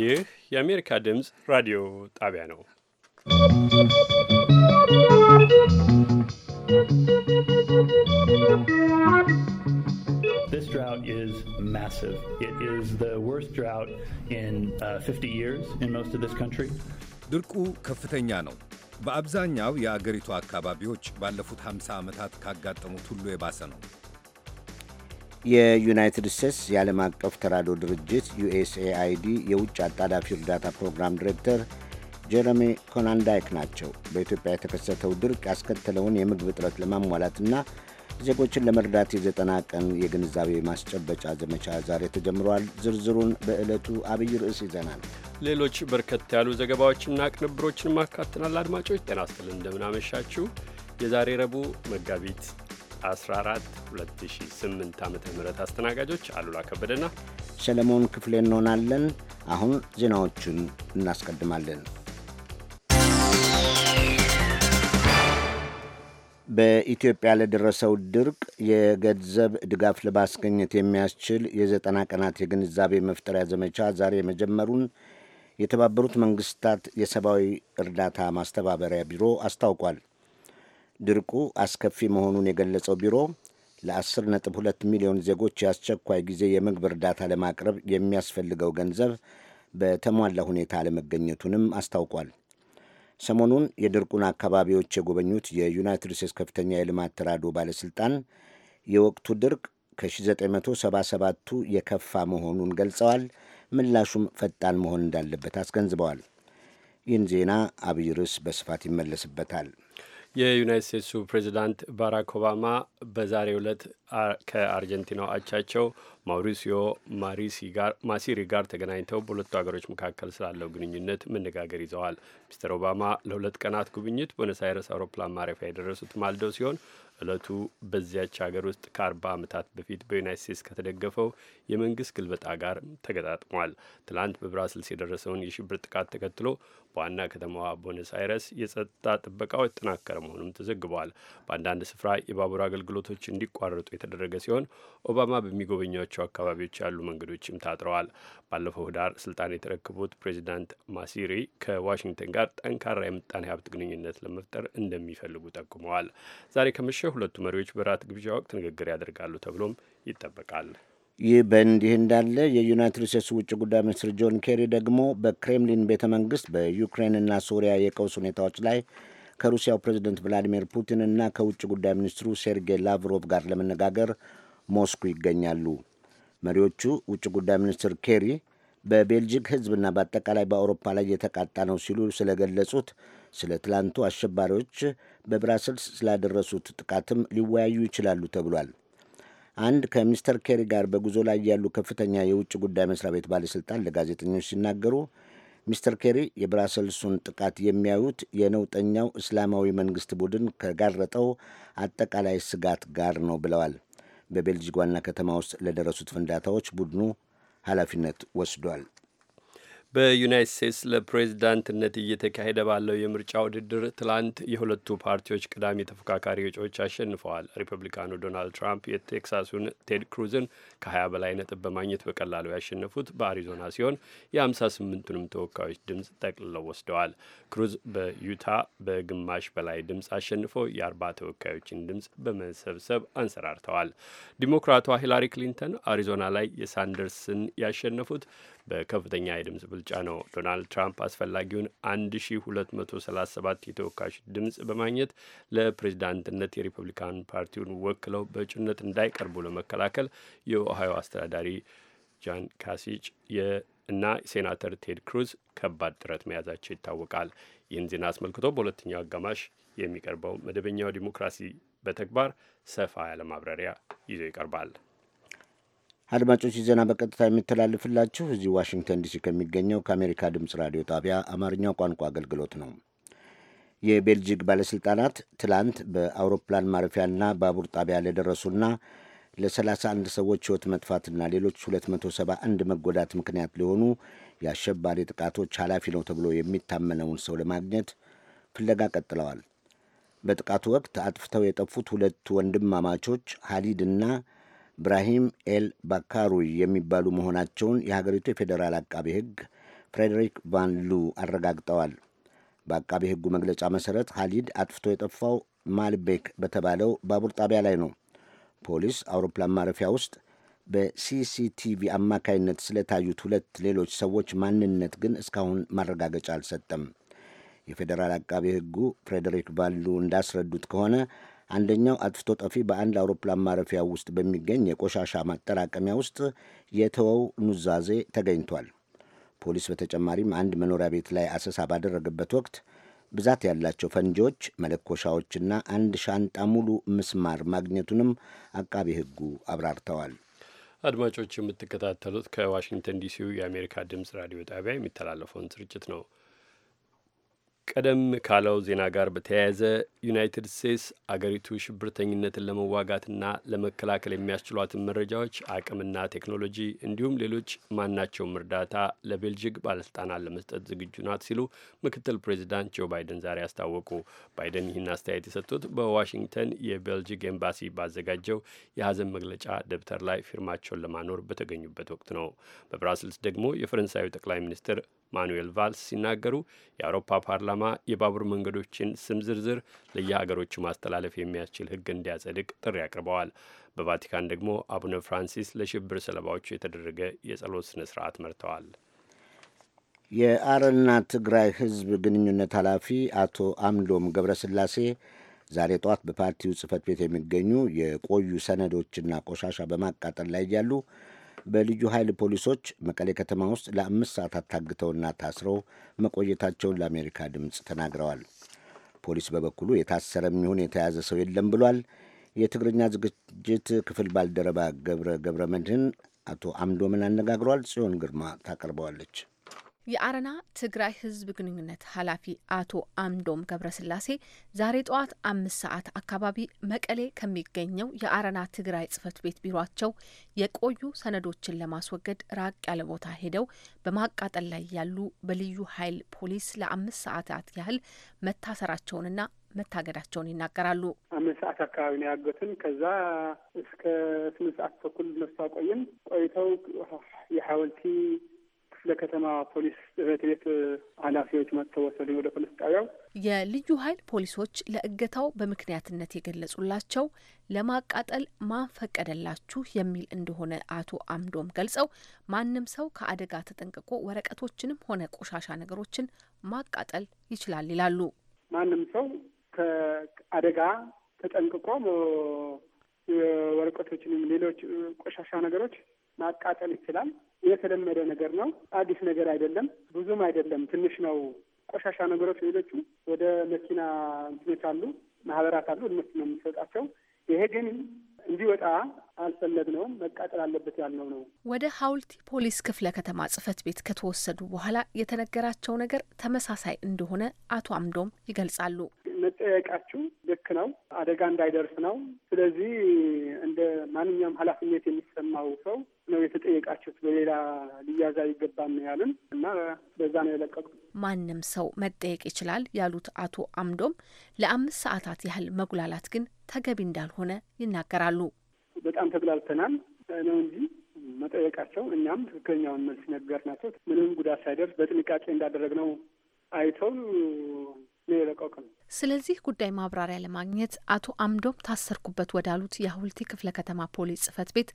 ይህ የአሜሪካ ድምፅ ራዲዮ ጣቢያ ነው። This drought is massive. It is the worst drought in uh, 50 years in most of this country. ድርቁ ከፍተኛ ነው። በአብዛኛው የአገሪቱ አካባቢዎች ባለፉት 50 ዓመታት ካጋጠሙት ሁሉ የባሰ ነው። የዩናይትድ ስቴትስ የዓለም አቀፍ ተራድኦ ድርጅት ዩኤስኤአይዲ የውጭ አጣዳፊ እርዳታ ፕሮግራም ዲሬክተር ጀረሚ ኮናንዳይክ ናቸው። በኢትዮጵያ የተከሰተው ድርቅ ያስከተለውን የምግብ እጥረት ለማሟላትና ዜጎችን ለመርዳት የዘጠና ቀን የግንዛቤ ማስጨበጫ ዘመቻ ዛሬ ተጀምሯል። ዝርዝሩን በዕለቱ አብይ ርዕስ ይዘናል። ሌሎች በርከት ያሉ ዘገባዎችና ቅንብሮችን ማካተናል። አድማጮች ጤና ይስጥልን፣ እንደምናመሻችሁ። የዛሬ ረቡዕ መጋቢት 14 2008 ዓ ም አስተናጋጆች አሉላ ከበደና ሰለሞን ክፍሌ እንሆናለን። አሁን ዜናዎቹን እናስቀድማለን። በኢትዮጵያ ለደረሰው ድርቅ የገንዘብ ድጋፍ ለማስገኘት የሚያስችል የዘጠና ቀናት የግንዛቤ መፍጠሪያ ዘመቻ ዛሬ መጀመሩን የተባበሩት መንግስታት የሰብአዊ እርዳታ ማስተባበሪያ ቢሮ አስታውቋል። ድርቁ አስከፊ መሆኑን የገለጸው ቢሮ ለ10.2 ሚሊዮን ዜጎች የአስቸኳይ ጊዜ የምግብ እርዳታ ለማቅረብ የሚያስፈልገው ገንዘብ በተሟላ ሁኔታ አለመገኘቱንም አስታውቋል። ሰሞኑን የድርቁን አካባቢዎች የጎበኙት የዩናይትድ ስቴትስ ከፍተኛ የልማት ተራድኦ ባለሥልጣን የወቅቱ ድርቅ ከ1977ቱ የከፋ መሆኑን ገልጸዋል። ምላሹም ፈጣን መሆን እንዳለበት አስገንዝበዋል። ይህን ዜና አብይ ርዕስ በስፋት ይመለስበታል። የዩናይት ስቴትሱ ፕሬዚዳንት ባራክ ኦባማ በዛሬው ዕለት ከአርጀንቲናው አቻቸው ማውሪሲዮ ማሲሪ ጋር ተገናኝተው በሁለቱ ሀገሮች መካከል ስላለው ግንኙነት መነጋገር ይዘዋል። ሚስተር ኦባማ ለሁለት ቀናት ጉብኝት ቦነስ አይረስ አውሮፕላን ማረፊያ የደረሱት ማልደው ሲሆን እለቱ በዚያች ሀገር ውስጥ ከአርባ ዓመታት በፊት በዩናይት ስቴትስ ከተደገፈው የመንግስት ግልበጣ ጋር ተገጣጥሟል። ትላንት በብራስልስ የደረሰውን የሽብር ጥቃት ተከትሎ በዋና ከተማዋ ቦነስ አይረስ የጸጥታ ጥበቃው የተጠናከረ መሆኑም ተዘግቧል። በአንዳንድ ስፍራ የባቡር አገልግሎቶች እንዲቋረጡ የተደረገ ሲሆን ኦባማ በሚጎበኛቸው ባላቸው አካባቢዎች ያሉ መንገዶችም ታጥረዋል። ባለፈው ህዳር ስልጣን የተረከቡት ፕሬዚዳንት ማሲሪ ከዋሽንግተን ጋር ጠንካራ የምጣኔ ሀብት ግንኙነት ለመፍጠር እንደሚፈልጉ ጠቁመዋል። ዛሬ ከመሸ ሁለቱ መሪዎች በራት ግብዣ ወቅት ንግግር ያደርጋሉ ተብሎም ይጠበቃል። ይህ በእንዲህ እንዳለ የዩናይትድ ስቴትስ ውጭ ጉዳይ ሚኒስትር ጆን ኬሪ ደግሞ በክሬምሊን ቤተ መንግስት በዩክሬንና ሶሪያ የቀውስ ሁኔታዎች ላይ ከሩሲያው ፕሬዚደንት ቭላዲሚር ፑቲን እና ከውጭ ጉዳይ ሚኒስትሩ ሴርጌይ ላቭሮቭ ጋር ለመነጋገር ሞስኩ ይገኛሉ። መሪዎቹ ውጭ ጉዳይ ሚኒስትር ኬሪ በቤልጂክ ሕዝብና በአጠቃላይ በአውሮፓ ላይ የተቃጣ ነው ሲሉ ስለገለጹት ስለ ትላንቱ አሸባሪዎች በብራስልስ ስላደረሱት ጥቃትም ሊወያዩ ይችላሉ ተብሏል። አንድ ከሚስተር ኬሪ ጋር በጉዞ ላይ ያሉ ከፍተኛ የውጭ ጉዳይ መስሪያ ቤት ባለሥልጣን ለጋዜጠኞች ሲናገሩ ሚስተር ኬሪ የብራሰልሱን ጥቃት የሚያዩት የነውጠኛው እስላማዊ መንግሥት ቡድን ከጋረጠው አጠቃላይ ስጋት ጋር ነው ብለዋል። በቤልጂክ ዋና ከተማ ውስጥ ለደረሱት ፍንዳታዎች ቡድኑ ኃላፊነት ወስዷል። በዩናይት ስቴትስ ለፕሬዚዳንትነት እየተካሄደ ባለው የምርጫ ውድድር ትላንት የሁለቱ ፓርቲዎች ቅዳሜ ተፎካካሪ እጩዎች አሸንፈዋል። ሪፐብሊካኑ ዶናልድ ትራምፕ የቴክሳሱን ቴድ ክሩዝን ከ20 በላይ ነጥብ በማግኘት በቀላሉ ያሸነፉት በአሪዞና ሲሆን የ58ቱንም ተወካዮች ድምፅ ጠቅልለው ወስደዋል። ክሩዝ በዩታ በግማሽ በላይ ድምፅ አሸንፈው የአርባ ተወካዮችን ድምፅ በመሰብሰብ አንሰራርተዋል። ዲሞክራቷ ሂላሪ ክሊንተን አሪዞና ላይ የሳንደርስን ያሸነፉት በከፍተኛ የድምፅ ብልጫ ነው ዶናልድ ትራምፕ አስፈላጊውን 1237 የተወካሽ ድምፅ በማግኘት ለፕሬዚዳንትነት የሪፐብሊካን ፓርቲውን ወክለው በእጩነት እንዳይቀርቡ ለመከላከል የኦሃዮ አስተዳዳሪ ጃን ካሲጭ እና ሴናተር ቴድ ክሩዝ ከባድ ጥረት መያዛቸው ይታወቃል። ይህን ዜና አስመልክቶ በሁለተኛው አጋማሽ የሚቀርበው መደበኛው ዲሞክራሲ በተግባር ሰፋ ያለ ማብራሪያ ይዞ ይቀርባል። አድማጮች ዜና በቀጥታ የሚተላለፍላችሁ እዚህ ዋሽንግተን ዲሲ ከሚገኘው ከአሜሪካ ድምፅ ራዲዮ ጣቢያ አማርኛው ቋንቋ አገልግሎት ነው። የቤልጂክ ባለሥልጣናት ትላንት በአውሮፕላን ማረፊያና ባቡር ጣቢያ ለደረሱና ለ31 ሰዎች ሕይወት መጥፋትና ሌሎች 271 መጎዳት ምክንያት ሊሆኑ የአሸባሪ ጥቃቶች ኃላፊ ነው ተብሎ የሚታመነውን ሰው ለማግኘት ፍለጋ ቀጥለዋል። በጥቃቱ ወቅት አጥፍተው የጠፉት ሁለቱ ወንድማማቾች ሀሊድ እና ብራሂም ኤል ባካሩይ የሚባሉ መሆናቸውን የሀገሪቱ የፌዴራል አቃቤ ሕግ ፍሬዴሪክ ቫን ሉ አረጋግጠዋል። በአቃቤ ሕጉ መግለጫ መሰረት ሀሊድ አጥፍቶ የጠፋው ማልቤክ በተባለው ባቡር ጣቢያ ላይ ነው። ፖሊስ አውሮፕላን ማረፊያ ውስጥ በሲሲቲቪ አማካይነት ስለታዩት ሁለት ሌሎች ሰዎች ማንነት ግን እስካሁን ማረጋገጫ አልሰጠም። የፌዴራል አቃቤ ሕጉ ፍሬዴሪክ ቫን ሉ እንዳስረዱት ከሆነ አንደኛው አጥፍቶ ጠፊ በአንድ አውሮፕላን ማረፊያ ውስጥ በሚገኝ የቆሻሻ ማጠራቀሚያ ውስጥ የተወው ኑዛዜ ተገኝቷል። ፖሊስ በተጨማሪም አንድ መኖሪያ ቤት ላይ አሰሳ ባደረገበት ወቅት ብዛት ያላቸው ፈንጂዎች፣ መለኮሻዎችና አንድ ሻንጣ ሙሉ ምስማር ማግኘቱንም አቃቤ ሕጉ አብራርተዋል። አድማጮች የምትከታተሉት ከዋሽንግተን ዲሲው የአሜሪካ ድምፅ ራዲዮ ጣቢያ የሚተላለፈውን ስርጭት ነው። ቀደም ካለው ዜና ጋር በተያያዘ ዩናይትድ ስቴትስ አገሪቱ ሽብርተኝነትን ለመዋጋትና ለመከላከል የሚያስችሏትን መረጃዎች፣ አቅምና ቴክኖሎጂ እንዲሁም ሌሎች ማናቸውም እርዳታ ለቤልጅግ ባለስልጣናት ለመስጠት ዝግጁ ናት ሲሉ ምክትል ፕሬዚዳንት ጆ ባይደን ዛሬ አስታወቁ። ባይደን ይህን አስተያየት የሰጡት በዋሽንግተን የቤልጅግ ኤምባሲ ባዘጋጀው የሀዘን መግለጫ ደብተር ላይ ፊርማቸውን ለማኖር በተገኙበት ወቅት ነው። በብራስልስ ደግሞ የፈረንሳዩ ጠቅላይ ሚኒስትር ማኑኤል ቫልስ ሲናገሩ የአውሮፓ ፓርላማ የባቡር መንገዶችን ስም ዝርዝር ለየሀገሮቹ ማስተላለፍ የሚያስችል ሕግ እንዲያጸድቅ ጥሪ አቅርበዋል። በቫቲካን ደግሞ አቡነ ፍራንሲስ ለሽብር ሰለባዎቹ የተደረገ የጸሎት ስነ ስርዓት መርተዋል። የአረና ትግራይ ህዝብ ግንኙነት ኃላፊ አቶ አምዶም ገብረስላሴ ዛሬ ጠዋት በፓርቲው ጽህፈት ቤት የሚገኙ የቆዩ ሰነዶችና ቆሻሻ በማቃጠል ላይ እያሉ በልዩ ኃይል ፖሊሶች መቀሌ ከተማ ውስጥ ለአምስት ሰዓታት ታግተውና ታስረው መቆየታቸውን ለአሜሪካ ድምፅ ተናግረዋል። ፖሊስ በበኩሉ የታሰረ የሚሆን የተያዘ ሰው የለም ብሏል። የትግርኛ ዝግጅት ክፍል ባልደረባ ገብረ ገብረ መድህን አቶ አምዶምን አነጋግሯል። ጽዮን ግርማ ታቀርበዋለች። የአረና ትግራይ ህዝብ ግንኙነት ኃላፊ አቶ አምዶም ገብረስላሴ ዛሬ ጠዋት አምስት ሰዓት አካባቢ መቀሌ ከሚገኘው የአረና ትግራይ ጽህፈት ቤት ቢሯቸው የቆዩ ሰነዶችን ለማስወገድ ራቅ ያለ ቦታ ሄደው በማቃጠል ላይ ያሉ በልዩ ኃይል ፖሊስ ለአምስት ሰዓታት ያህል መታሰራቸውንና መታገዳቸውን ይናገራሉ። አምስት ሰዓት አካባቢ ነው ያገቱን። ከዛ እስከ ስምንት ሰዓት ተኩል ነሱ ቆይተው የሐወልቲ ለከተማ ፖሊስ ጽሕፈት ቤት ኃላፊዎች መጥተው ወሰዱኝ ወደ ፖሊስ ጣቢያው። የልዩ ኃይል ፖሊሶች ለእገታው በምክንያትነት የገለጹላቸው ለማቃጠል ማን ፈቀደላችሁ የሚል እንደሆነ አቶ አምዶም ገልጸው ማንም ሰው ከአደጋ ተጠንቅቆ ወረቀቶችንም ሆነ ቆሻሻ ነገሮችን ማቃጠል ይችላል ይላሉ። ማንም ሰው ከአደጋ ተጠንቅቆ ወረቀቶችንም ሌሎች ቆሻሻ ነገሮች ማቃጠል ይችላል። የተለመደ ነገር ነው። አዲስ ነገር አይደለም፣ ብዙም አይደለም፣ ትንሽ ነው። ቆሻሻ ነገሮች ሌሎቹ ወደ መኪና እንትኖች አሉ፣ ማህበራት አሉ፣ እነሱ ነው የሚሰጣቸው። ይሄ ግን እንዲወጣ አልፈለግነውም። መቃጠል አለበት ያልነው ነው። ወደ ሀውልቲ ፖሊስ ክፍለ ከተማ ጽህፈት ቤት ከተወሰዱ በኋላ የተነገራቸው ነገር ተመሳሳይ እንደሆነ አቶ አምዶም ይገልጻሉ። መጠየቃችሁ ልክ ነው፣ አደጋ እንዳይደርስ ነው። ስለዚህ እንደ ማንኛውም ኃላፊነት የሚሰማው ሰው ነው የተጠየቃችሁት፣ በሌላ ሊያዝ አይገባም ያልን እና በዛ ነው የለቀቁ። ማንም ሰው መጠየቅ ይችላል ያሉት አቶ አምዶም ለአምስት ሰዓታት ያህል መጉላላት ግን ተገቢ እንዳልሆነ ይናገራሉ። በጣም ተጉላልተናል ነው እንጂ መጠየቃቸው እኛም ትክክለኛውን መልስ ነገር ናቸው። ምንም ጉዳት ሳይደርስ በጥንቃቄ እንዳደረግ ነው አይተው ነው የለቀው ቀን። ስለዚህ ጉዳይ ማብራሪያ ለማግኘት አቶ አምዶም ታሰርኩበት ወዳሉት የሀውልቲ ክፍለ ከተማ ፖሊስ ጽህፈት ቤት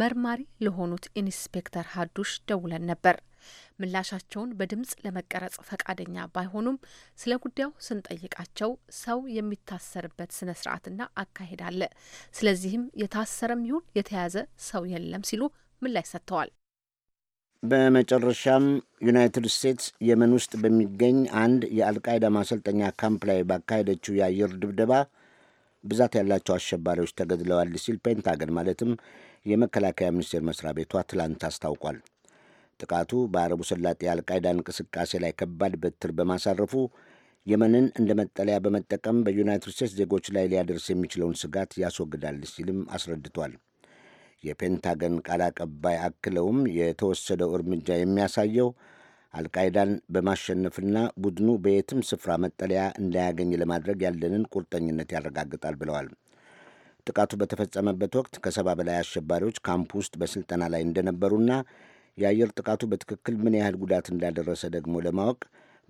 መርማሪ ለሆኑት ኢንስፔክተር ሀዱሽ ደውለን ነበር። ምላሻቸውን በድምጽ ለመቀረጽ ፈቃደኛ ባይሆኑም ስለ ጉዳዩ ስንጠይቃቸው ሰው የሚታሰርበት ስነ ስርዓትና አካሄድ አለ፣ ስለዚህም የታሰረም ይሁን የተያዘ ሰው የለም ሲሉ ምላሽ ሰጥተዋል። በመጨረሻም ዩናይትድ ስቴትስ የመን ውስጥ በሚገኝ አንድ የአልቃይዳ ማሰልጠኛ ካምፕ ላይ ባካሄደችው የአየር ድብደባ ብዛት ያላቸው አሸባሪዎች ተገድለዋል ሲል ፔንታገን ማለትም የመከላከያ ሚኒስቴር መስሪያ ቤቷ ትላንት አስታውቋል። ጥቃቱ በአረቡ ሰላጤ የአልቃይዳ እንቅስቃሴ ላይ ከባድ በትር በማሳረፉ የመንን እንደ መጠለያ በመጠቀም በዩናይትድ ስቴትስ ዜጎች ላይ ሊያደርስ የሚችለውን ስጋት ያስወግዳል ሲልም አስረድቷል። የፔንታገን ቃል አቀባይ አክለውም የተወሰደው እርምጃ የሚያሳየው አልቃይዳን በማሸነፍና ቡድኑ በየትም ስፍራ መጠለያ እንዳያገኝ ለማድረግ ያለንን ቁርጠኝነት ያረጋግጣል ብለዋል። ጥቃቱ በተፈጸመበት ወቅት ከሰባ በላይ አሸባሪዎች ካምፕ ውስጥ በስልጠና ላይ እንደነበሩና የአየር ጥቃቱ በትክክል ምን ያህል ጉዳት እንዳደረሰ ደግሞ ለማወቅ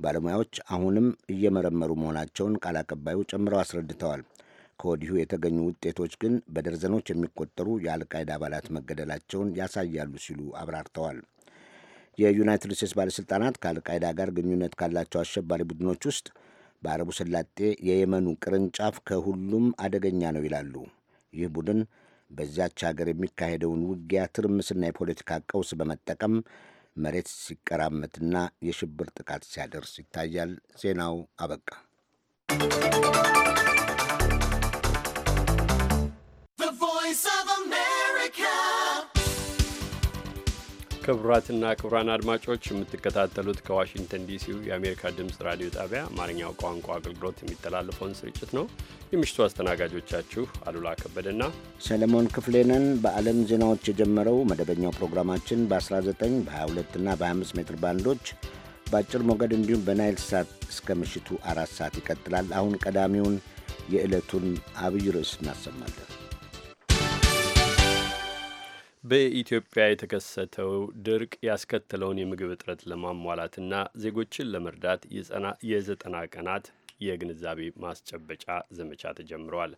ባለሙያዎች አሁንም እየመረመሩ መሆናቸውን ቃል አቀባዩ ጨምረው አስረድተዋል። ከወዲሁ የተገኙ ውጤቶች ግን በደርዘኖች የሚቆጠሩ የአልቃይዳ አባላት መገደላቸውን ያሳያሉ ሲሉ አብራርተዋል። የዩናይትድ ስቴትስ ባለሥልጣናት ከአልቃይዳ ጋር ግንኙነት ካላቸው አሸባሪ ቡድኖች ውስጥ በአረቡ ሰላጤ የየመኑ ቅርንጫፍ ከሁሉም አደገኛ ነው ይላሉ። ይህ ቡድን በዚያች ሀገር የሚካሄደውን ውጊያ ትርምስና የፖለቲካ ቀውስ በመጠቀም መሬት ሲቀራመትና የሽብር ጥቃት ሲያደርስ ይታያል። ዜናው አበቃ። ክቡራትና ክቡራን አድማጮች የምትከታተሉት ከዋሽንግተን ዲሲው የአሜሪካ ድምፅ ራዲዮ ጣቢያ አማርኛው ቋንቋ አገልግሎት የሚተላለፈውን ስርጭት ነው። የምሽቱ አስተናጋጆቻችሁ አሉላ ከበደና ሰለሞን ክፍሌነን። በዓለም ዜናዎች የጀመረው መደበኛው ፕሮግራማችን በ19 በ22ና በ25 ሜትር ባንዶች በአጭር ሞገድ እንዲሁም በናይል ሳት እስከ ምሽቱ አራት ሰዓት ይቀጥላል። አሁን ቀዳሚውን የዕለቱን አብይ ርዕስ እናሰማለን። በኢትዮጵያ የተከሰተው ድርቅ ያስከተለውን የምግብ እጥረት ለማሟላትና ዜጎችን ለመርዳት የዘጠና ቀናት የግንዛቤ ማስጨበጫ ዘመቻ ተጀምረዋል።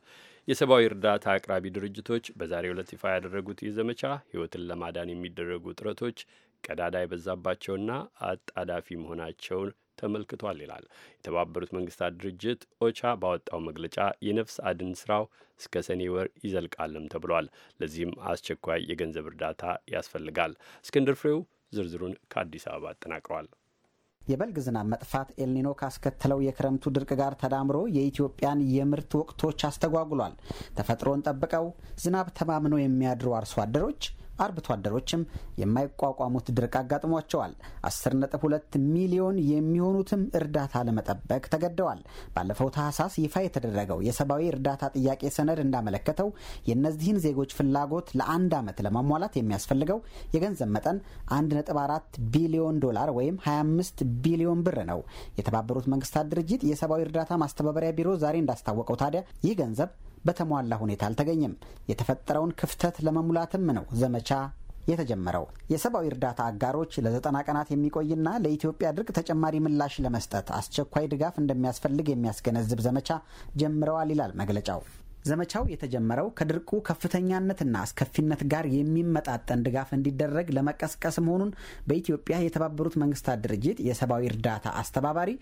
የሰብአዊ እርዳታ አቅራቢ ድርጅቶች በዛሬው ዕለት ይፋ ያደረጉት ይህ ዘመቻ ሕይወትን ለማዳን የሚደረጉ ጥረቶች ቀዳዳ የበዛባቸውና አጣዳፊ መሆናቸውን ተመልክቷል ይላል። የተባበሩት መንግስታት ድርጅት ኦቻ ባወጣው መግለጫ የነፍስ አድን ስራው እስከ ሰኔ ወር ይዘልቃልም ተብሏል። ለዚህም አስቸኳይ የገንዘብ እርዳታ ያስፈልጋል። እስክንድር ፍሬው ዝርዝሩን ከአዲስ አበባ አጠናቅሯል። የበልግ ዝናብ መጥፋት ኤልኒኖ ካስከተለው የክረምቱ ድርቅ ጋር ተዳምሮ የኢትዮጵያን የምርት ወቅቶች አስተጓጉሏል። ተፈጥሮን ጠብቀው ዝናብ ተማምነው የሚያድሩ አርሶ አደሮች አርብቶ አደሮችም የማይቋቋሙት ድርቅ አጋጥሟቸዋል። 10.2 ሚሊዮን የሚሆኑትም እርዳታ ለመጠበቅ ተገደዋል። ባለፈው ታህሳስ ይፋ የተደረገው የሰብአዊ እርዳታ ጥያቄ ሰነድ እንዳመለከተው የእነዚህን ዜጎች ፍላጎት ለአንድ ዓመት ለማሟላት የሚያስፈልገው የገንዘብ መጠን 1.4 ቢሊዮን ዶላር ወይም 25 ቢሊዮን ብር ነው። የተባበሩት መንግስታት ድርጅት የሰብአዊ እርዳታ ማስተባበሪያ ቢሮ ዛሬ እንዳስታወቀው ታዲያ ይህ ገንዘብ በተሟላ ሁኔታ አልተገኘም። የተፈጠረውን ክፍተት ለመሙላትም ነው ዘመቻ የተጀመረው። የሰብአዊ እርዳታ አጋሮች ለዘጠና ቀናት የሚቆይና ለኢትዮጵያ ድርቅ ተጨማሪ ምላሽ ለመስጠት አስቸኳይ ድጋፍ እንደሚያስፈልግ የሚያስገነዝብ ዘመቻ ጀምረዋል ይላል መግለጫው። ዘመቻው የተጀመረው ከድርቁ ከፍተኛነትና አስከፊነት ጋር የሚመጣጠን ድጋፍ እንዲደረግ ለመቀስቀስ መሆኑን በኢትዮጵያ የተባበሩት መንግስታት ድርጅት የሰብአዊ እርዳታ አስተባባሪ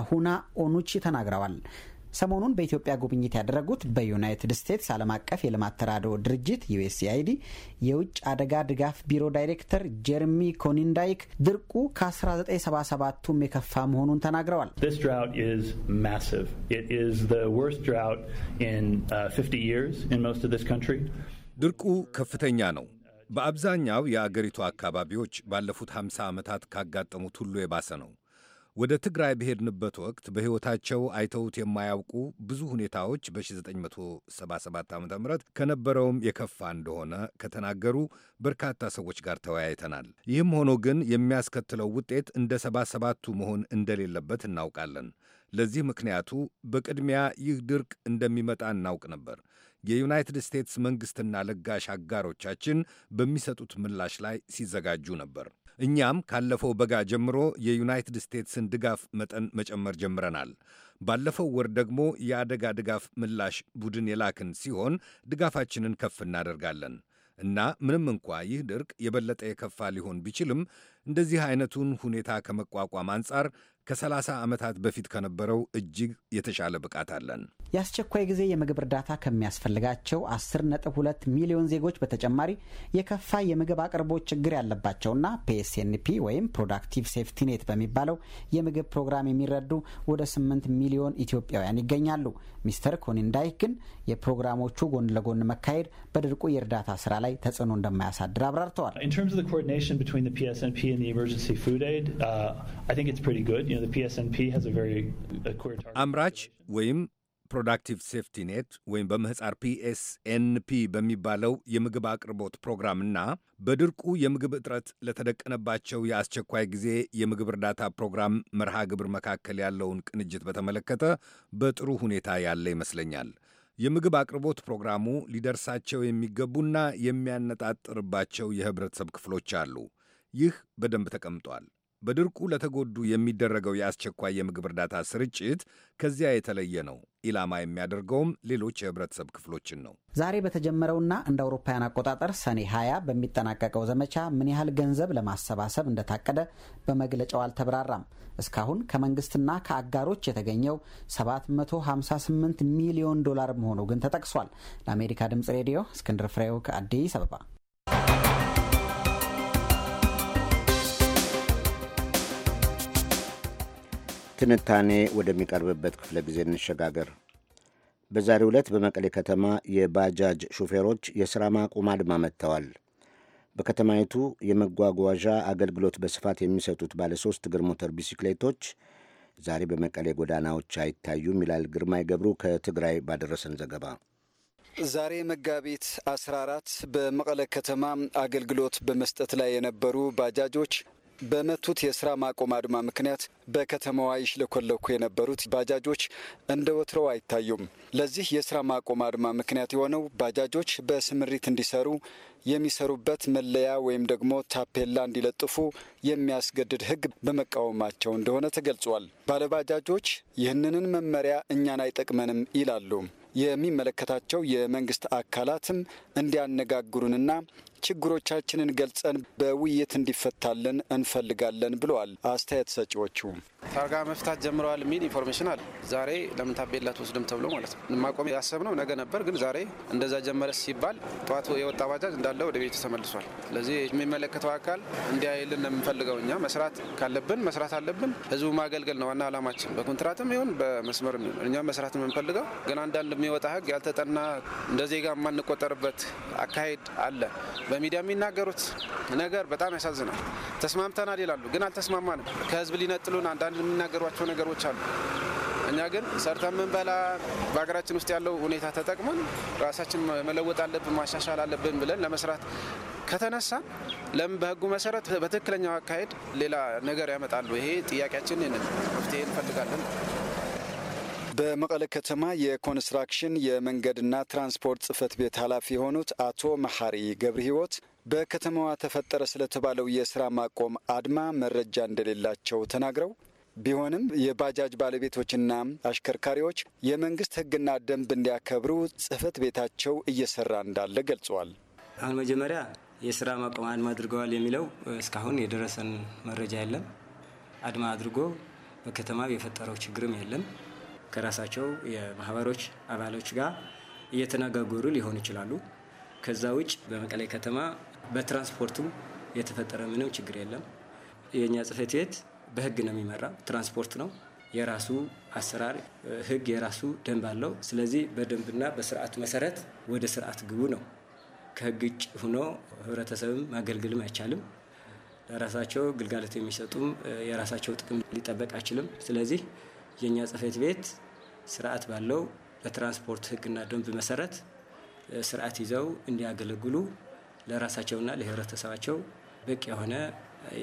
አሁና ኦኑቺ ተናግረዋል። ሰሞኑን በኢትዮጵያ ጉብኝት ያደረጉት በዩናይትድ ስቴትስ ዓለም አቀፍ የልማት ተራድኦ ድርጅት ዩኤስአይዲ የውጭ አደጋ ድጋፍ ቢሮ ዳይሬክተር ጀርሚ ኮኒንዳይክ ድርቁ ከ1977ቱም የከፋ መሆኑን ተናግረዋል። uh, ድርቁ ከፍተኛ ነው። በአብዛኛው የአገሪቱ አካባቢዎች ባለፉት 50 ዓመታት ካጋጠሙት ሁሉ የባሰ ነው። ወደ ትግራይ በሄድንበት ወቅት በሕይወታቸው አይተውት የማያውቁ ብዙ ሁኔታዎች በ1977 ዓ ም ከነበረውም የከፋ እንደሆነ ከተናገሩ በርካታ ሰዎች ጋር ተወያይተናል። ይህም ሆኖ ግን የሚያስከትለው ውጤት እንደ 77ቱ መሆን እንደሌለበት እናውቃለን። ለዚህ ምክንያቱ በቅድሚያ ይህ ድርቅ እንደሚመጣ እናውቅ ነበር። የዩናይትድ ስቴትስ መንግሥትና ለጋሽ አጋሮቻችን በሚሰጡት ምላሽ ላይ ሲዘጋጁ ነበር። እኛም ካለፈው በጋ ጀምሮ የዩናይትድ ስቴትስን ድጋፍ መጠን መጨመር ጀምረናል። ባለፈው ወር ደግሞ የአደጋ ድጋፍ ምላሽ ቡድን የላክን ሲሆን ድጋፋችንን ከፍ እናደርጋለን እና ምንም እንኳ ይህ ድርቅ የበለጠ የከፋ ሊሆን ቢችልም እንደዚህ አይነቱን ሁኔታ ከመቋቋም አንጻር ከ30 ዓመታት በፊት ከነበረው እጅግ የተሻለ ብቃት አለን። የአስቸኳይ ጊዜ የምግብ እርዳታ ከሚያስፈልጋቸው 10.2 ሚሊዮን ዜጎች በተጨማሪ የከፋ የምግብ አቅርቦት ችግር ያለባቸውና ፒኤስኤንፒ ወይም ፕሮዳክቲቭ ሴፍቲኔት በሚባለው የምግብ ፕሮግራም የሚረዱ ወደ 8 ሚሊዮን ኢትዮጵያውያን ይገኛሉ። ሚስተር ኮኒንዳይክ ግን የፕሮግራሞቹ ጎን ለጎን መካሄድ በድርቁ የእርዳታ ስራ ላይ ተጽዕኖ እንደማያሳድር አብራርተዋል። አምራች ወይም ሪፕሮዳክቲቭ ሴፍቲ ኔት ወይም በምህፃር ፒኤስኤንፒ በሚባለው የምግብ አቅርቦት ፕሮግራምና በድርቁ የምግብ እጥረት ለተደቀነባቸው የአስቸኳይ ጊዜ የምግብ እርዳታ ፕሮግራም መርሃ ግብር መካከል ያለውን ቅንጅት በተመለከተ በጥሩ ሁኔታ ያለ ይመስለኛል። የምግብ አቅርቦት ፕሮግራሙ ሊደርሳቸው የሚገቡና የሚያነጣጥርባቸው የህብረተሰብ ክፍሎች አሉ። ይህ በደንብ ተቀምጧል። በድርቁ ለተጎዱ የሚደረገው የአስቸኳይ የምግብ እርዳታ ስርጭት ከዚያ የተለየ ነው። ኢላማ የሚያደርገውም ሌሎች የህብረተሰብ ክፍሎችን ነው። ዛሬ በተጀመረውና እንደ አውሮፓውያን አቆጣጠር ሰኔ 20 በሚጠናቀቀው ዘመቻ ምን ያህል ገንዘብ ለማሰባሰብ እንደታቀደ በመግለጫው አልተብራራም። እስካሁን ከመንግስትና ከአጋሮች የተገኘው 758 ሚሊዮን ዶላር መሆኑ ግን ተጠቅሷል። ለአሜሪካ ድምጽ ሬዲዮ እስክንድር ፍሬው ከአዲስ አበባ ትንታኔ ወደሚቀርብበት ክፍለ ጊዜ እንሸጋገር። በዛሬው ዕለት በመቀሌ ከተማ የባጃጅ ሹፌሮች የሥራ ማቆም አድማ መጥተዋል። በከተማይቱ የመጓጓዣ አገልግሎት በስፋት የሚሰጡት ባለ ሦስት እግር ሞተር ቢሲክሌቶች ዛሬ በመቀሌ ጎዳናዎች አይታዩም ይላል ግርማይ ገብሩ ከትግራይ ባደረሰን ዘገባ። ዛሬ መጋቢት 14 በመቀለ ከተማ አገልግሎት በመስጠት ላይ የነበሩ ባጃጆች በመቱት የስራ ማቆም አድማ ምክንያት በከተማዋ ይሽለኮለኩ የነበሩት ባጃጆች እንደ ወትረው አይታዩም። ለዚህ የስራ ማቆም አድማ ምክንያት የሆነው ባጃጆች በስምሪት እንዲሰሩ የሚሰሩበት መለያ ወይም ደግሞ ታፔላ እንዲለጥፉ የሚያስገድድ ሕግ በመቃወማቸው እንደሆነ ተገልጿል። ባለባጃጆች ይህንንን መመሪያ እኛን አይጠቅመንም ይላሉ። የሚመለከታቸው የመንግስት አካላትም እንዲያነጋግሩንና ችግሮቻችንን ገልጸን በውይይት እንዲፈታልን እንፈልጋለን ብለዋል አስተያየት ሰጪዎቹ። ታርጋ መፍታት ጀምረዋል የሚል ኢንፎርሜሽን አለ። ዛሬ ለምን ታቤላ ትወስድም ተብሎ ማለት ነው። ማቆም ያሰብነው ነገ ነበር፣ ግን ዛሬ እንደዛ ጀመረ ሲባል ጠዋቱ የወጣ ባጃጅ እንዳለ ወደ ቤቱ ተመልሷል። ስለዚህ የሚመለከተው አካል እንዲያይልን ነው የምንፈልገው። እኛ መስራት ካለብን መስራት አለብን። ህዝቡ ማገልገል ነው ዋና አላማችን፣ በኮንትራትም ይሁን በመስመር ይሁን እኛ መስራት የምንፈልገው። ግን አንዳንድ የሚወጣ ህግ ያልተጠና እንደ ዜጋ የማንቆጠርበት አካሄድ አለ። በሚዲያ የሚናገሩት ነገር በጣም ያሳዝናል። ተስማምተናል ይላሉ፣ ግን አልተስማማንም። ከህዝብ ሊነጥሉን አንዳንድ የሚናገሯቸው ነገሮች አሉ። እኛ ግን ሰርተን ምንበላ በሀገራችን ውስጥ ያለው ሁኔታ ተጠቅመን ራሳችን መለወጥ አለብን፣ ማሻሻል አለብን ብለን ለመስራት ከተነሳ ለምን በህጉ መሰረት በትክክለኛው አካሄድ ሌላ ነገር ያመጣሉ? ይሄ ጥያቄያችን፣ መፍትሄ እንፈልጋለን። በመቀለ ከተማ የኮንስትራክሽን የመንገድና ትራንስፖርት ጽህፈት ቤት ኃላፊ የሆኑት አቶ መሐሪ ገብረ ህይወት በከተማዋ ተፈጠረ ስለተባለው የስራ ማቆም አድማ መረጃ እንደሌላቸው ተናግረው ቢሆንም የባጃጅ ባለቤቶችና አሽከርካሪዎች የመንግስት ህግና ደንብ እንዲያከብሩ ጽህፈት ቤታቸው እየሰራ እንዳለ ገልጸዋል። አሁን መጀመሪያ የስራ ማቆም አድማ አድርገዋል የሚለው እስካሁን የደረሰን መረጃ የለም። አድማ አድርጎ በከተማ የፈጠረው ችግርም የለም። ከራሳቸው የማህበሮች አባሎች ጋር እየተነጋገሩ ሊሆን ይችላሉ። ከዛ ውጭ በመቀሌ ከተማ በትራንስፖርቱም የተፈጠረ ምንም ችግር የለም። የእኛ ጽህፈት ቤት በህግ ነው የሚመራ። ትራንስፖርት ነው የራሱ አሰራር ህግ፣ የራሱ ደንብ አለው። ስለዚህ በደንብና በስርዓት መሰረት ወደ ስርዓት ግቡ ነው። ከህግ ውጭ ሆኖ ህብረተሰብም ማገልገልም አይቻልም። ለራሳቸው ግልጋሎት የሚሰጡም የራሳቸው ጥቅም ሊጠበቅ አይችልም። ስለዚህ የእኛ ጽህፈት ቤት ስርዓት ባለው በትራንስፖርት ህግና ደንብ መሰረት ስርዓት ይዘው እንዲያገለግሉ ለራሳቸውና ለህብረተሰባቸው በቂ የሆነ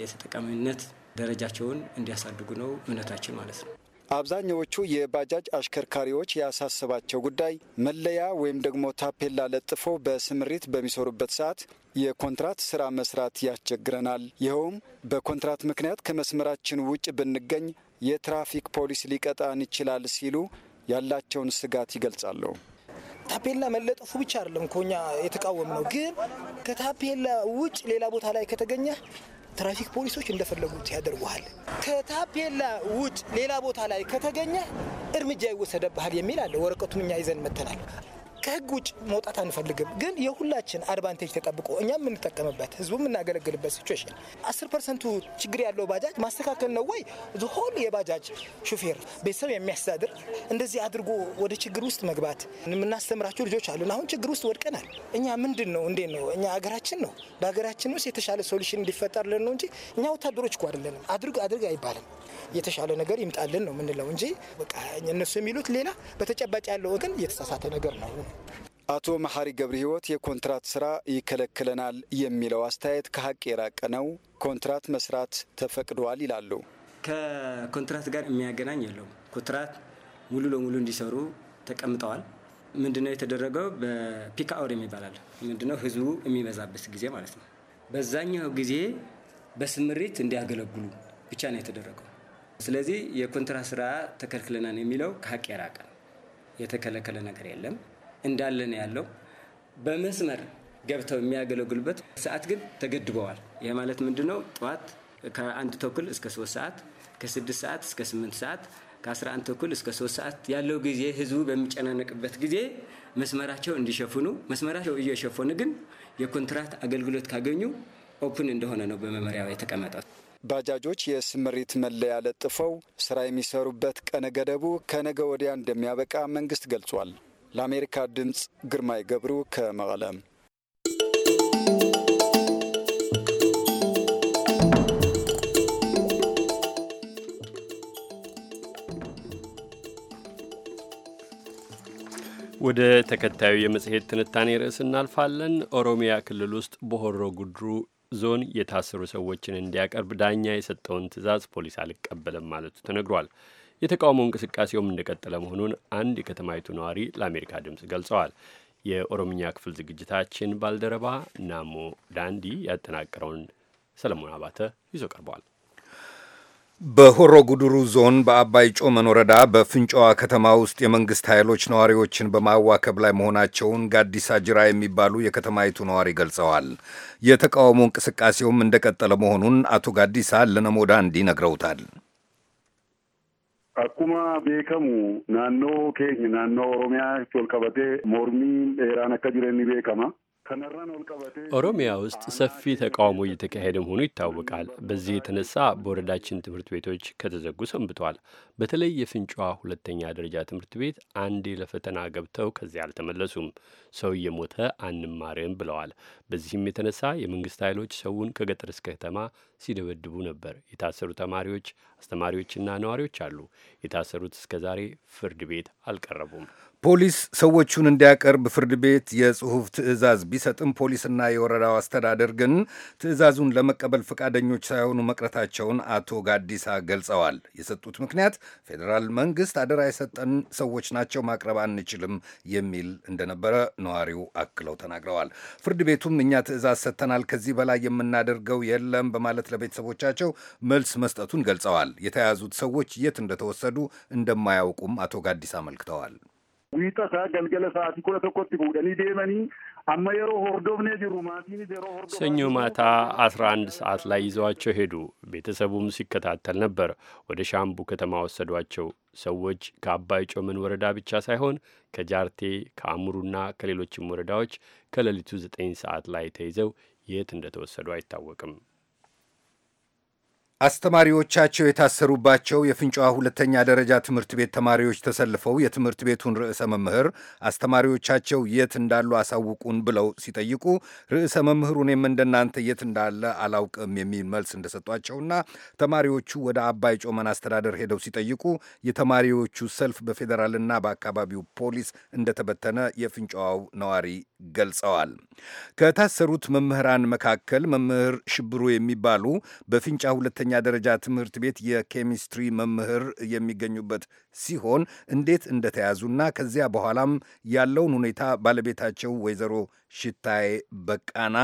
የተጠቃሚነት ደረጃቸውን እንዲያሳድጉ ነው እምነታችን ማለት ነው። አብዛኛዎቹ የባጃጅ አሽከርካሪዎች ያሳሰባቸው ጉዳይ መለያ ወይም ደግሞ ታፔላ ለጥፎ በስምሪት በሚሰሩበት ሰዓት የኮንትራት ስራ መስራት ያስቸግረናል፣ ይኸውም በኮንትራት ምክንያት ከመስመራችን ውጭ ብንገኝ የትራፊክ ፖሊስ ሊቀጣን ይችላል ሲሉ ያላቸውን ስጋት ይገልጻሉ። ታፔላ መለጠፉ ብቻ አይደለም እኮ እኛ የተቃወም ነው። ግን ከታፔላ ውጭ ሌላ ቦታ ላይ ከተገኘ ትራፊክ ፖሊሶች እንደፈለጉት ያደርጉሃል። ከታፔላ ውጭ ሌላ ቦታ ላይ ከተገኘ እርምጃ ይወሰደብሃል የሚል አለ። ወረቀቱን እኛ ይዘን መተናል። ከህግ ውጭ መውጣት አንፈልግም፣ ግን የሁላችን አድቫንቴጅ ተጠብቆ እኛ የምንጠቀምበት ህዝቡ የምናገለግልበት ሲቹዌሽን አስር ፐርሰንቱ ችግር ያለው ባጃጅ ማስተካከል ነው ወይ ዝሆል የባጃጅ ሹፌር ቤተሰብ የሚያስተዳድር እንደዚህ አድርጎ ወደ ችግር ውስጥ መግባት የምናስተምራቸው ልጆች አሉ። አሁን ችግር ውስጥ ወድቀናል። እኛ ምንድን ነው እንዴት ነው እኛ ሀገራችን ነው በሀገራችን ውስጥ የተሻለ ሶሉሽን እንዲፈጠርልን ነው እንጂ እኛ ወታደሮች እኮ አይደለንም። አድርግ አድርግ አይባልም። የተሻለ ነገር ይምጣልን ነው ምንለው እንጂ በቃ እነሱ የሚሉት ሌላ፣ በተጨባጭ ያለው ግን የተሳሳተ ነገር ነው። አቶ መሐሪ ገብረ ህይወት የኮንትራት ስራ ይከለክለናል የሚለው አስተያየት ከሀቅ የራቀ ነው፣ ኮንትራት መስራት ተፈቅዷል ይላሉ። ከኮንትራት ጋር የሚያገናኝ የለውም። ኮንትራት ሙሉ ለሙሉ እንዲሰሩ ተቀምጠዋል። ምንድነው የተደረገው? በፒክ አወር የሚባላል ምንድነው ህዝቡ የሚበዛበት ጊዜ ማለት ነው። በዛኛው ጊዜ በስምሪት እንዲያገለግሉ ብቻ ነው የተደረገው። ስለዚህ የኮንትራት ስራ ተከልክለናል የሚለው ከሀቅ የራቀ ነው። የተከለከለ ነገር የለም። እንዳለ ነው ያለው። በመስመር ገብተው የሚያገለግሉበት ሰዓት ግን ተገድበዋል። ይህ ማለት ምንድ ነው? ጠዋት ከአንድ ተኩል እስከ ሶስት ሰዓት ከስድስት ሰዓት እስከ ስምንት ሰዓት ከአስራ አንድ ተኩል እስከ ሶስት ሰዓት ያለው ጊዜ ህዝቡ በሚጨናነቅበት ጊዜ መስመራቸው እንዲሸፍኑ መስመራቸው እየሸፈኑ ግን የኮንትራት አገልግሎት ካገኙ ኦፕን እንደሆነ ነው በመመሪያው የተቀመጠው። ባጃጆች የስምሪት መለያ ለጥፈው ስራ የሚሰሩበት ቀነ ገደቡ ከነገ ወዲያ እንደሚያበቃ መንግስት ገልጿል። ለአሜሪካ ድምፅ ግርማይ ገብሩ ከመቐለ። ወደ ተከታዩ የመጽሔት ትንታኔ ርዕስ እናልፋለን። ኦሮሚያ ክልል ውስጥ በሆሮ ጉድሩ ዞን የታሰሩ ሰዎችን እንዲያቀርብ ዳኛ የሰጠውን ትዕዛዝ ፖሊስ አልቀበልም ማለቱ ተነግሯል። የተቃውሞ እንቅስቃሴውም እንደቀጠለ መሆኑን አንድ የከተማይቱ ነዋሪ ለአሜሪካ ድምፅ ገልጸዋል። የኦሮምኛ ክፍል ዝግጅታችን ባልደረባ ናሞ ዳንዲ ያጠናቀረውን ሰለሞን አባተ ይዞ ቀርቧል። በሆሮ ጉድሩ ዞን በአባይ ጮመን ወረዳ በፍንጫዋ ከተማ ውስጥ የመንግሥት ኃይሎች ነዋሪዎችን በማዋከብ ላይ መሆናቸውን ጋዲሳ ጅራ የሚባሉ የከተማይቱ ነዋሪ ገልጸዋል። የተቃውሞ እንቅስቃሴውም እንደቀጠለ መሆኑን አቶ ጋዲሳ ለነሞዳ እንዲህ ነግረውታል። Akkuma beekamu naannoo keenya naannoo Oromiyaa wal qabatee mormiin dheeraan akka jiru ni beekama. ኦሮሚያ ውስጥ ሰፊ ተቃውሞ እየተካሄደ መሆኑ ይታወቃል። በዚህ የተነሳ በወረዳችን ትምህርት ቤቶች ከተዘጉ ሰንብተዋል። በተለይ የፍንጫዋ ሁለተኛ ደረጃ ትምህርት ቤት አንዴ ለፈተና ገብተው ከዚያ አልተመለሱም። ሰው እየሞተ አንማርም ብለዋል። በዚህም የተነሳ የመንግስት ኃይሎች ሰውን ከገጠር እስከ ከተማ ሲደበድቡ ነበር። የታሰሩ ተማሪዎች፣ አስተማሪዎችና ነዋሪዎች አሉ። የታሰሩት እስከ ዛሬ ፍርድ ቤት አልቀረቡም። ፖሊስ ሰዎቹን እንዲያቀርብ ፍርድ ቤት የጽሑፍ ትዕዛዝ ቢሰጥም ፖሊስና የወረዳው አስተዳደር ግን ትዕዛዙን ለመቀበል ፈቃደኞች ሳይሆኑ መቅረታቸውን አቶ ጋዲሳ ገልጸዋል። የሰጡት ምክንያት ፌዴራል መንግስት አደራ የሰጠን ሰዎች ናቸው ማቅረብ አንችልም የሚል እንደነበረ ነዋሪው አክለው ተናግረዋል። ፍርድ ቤቱም እኛ ትዕዛዝ ሰጥተናል፣ ከዚህ በላይ የምናደርገው የለም በማለት ለቤተሰቦቻቸው መልስ መስጠቱን ገልጸዋል። የተያዙት ሰዎች የት እንደተወሰዱ እንደማያውቁም አቶ ጋዲሳ አመልክተዋል። ሰኞ ማታ 11 ሰዓት ላይ ይዘዋቸው ሄዱ። ቤተሰቡም ሲከታተል ነበር። ወደ ሻምቡ ከተማ ወሰዷቸው። ሰዎች ከአባይ ጮመን ወረዳ ብቻ ሳይሆን ከጃርቴ ከአሙሩና ከሌሎችም ወረዳዎች ከሌሊቱ 9 ሰዓት ላይ ተይዘው የት እንደተወሰዱ አይታወቅም። አስተማሪዎቻቸው የታሰሩባቸው የፍንጫዋ ሁለተኛ ደረጃ ትምህርት ቤት ተማሪዎች ተሰልፈው የትምህርት ቤቱን ርዕሰ መምህር አስተማሪዎቻቸው የት እንዳሉ አሳውቁን ብለው ሲጠይቁ ርዕሰ መምህሩ እኔም እንደናንተ የት እንዳለ አላውቅም የሚል መልስ እንደሰጧቸውና ተማሪዎቹ ወደ አባይ ጮመን አስተዳደር ሄደው ሲጠይቁ የተማሪዎቹ ሰልፍ በፌዴራልና በአካባቢው ፖሊስ እንደተበተነ የፍንጫዋው ነዋሪ ገልጸዋል። ከታሰሩት መምህራን መካከል መምህር ሽብሩ የሚባሉ በፍንጫ ሁለተኛ የሁለተኛ ደረጃ ትምህርት ቤት የኬሚስትሪ መምህር የሚገኙበት ሲሆን እንዴት እንደተያዙና ከዚያ በኋላም ያለውን ሁኔታ ባለቤታቸው ወይዘሮ ሽታይ በቃና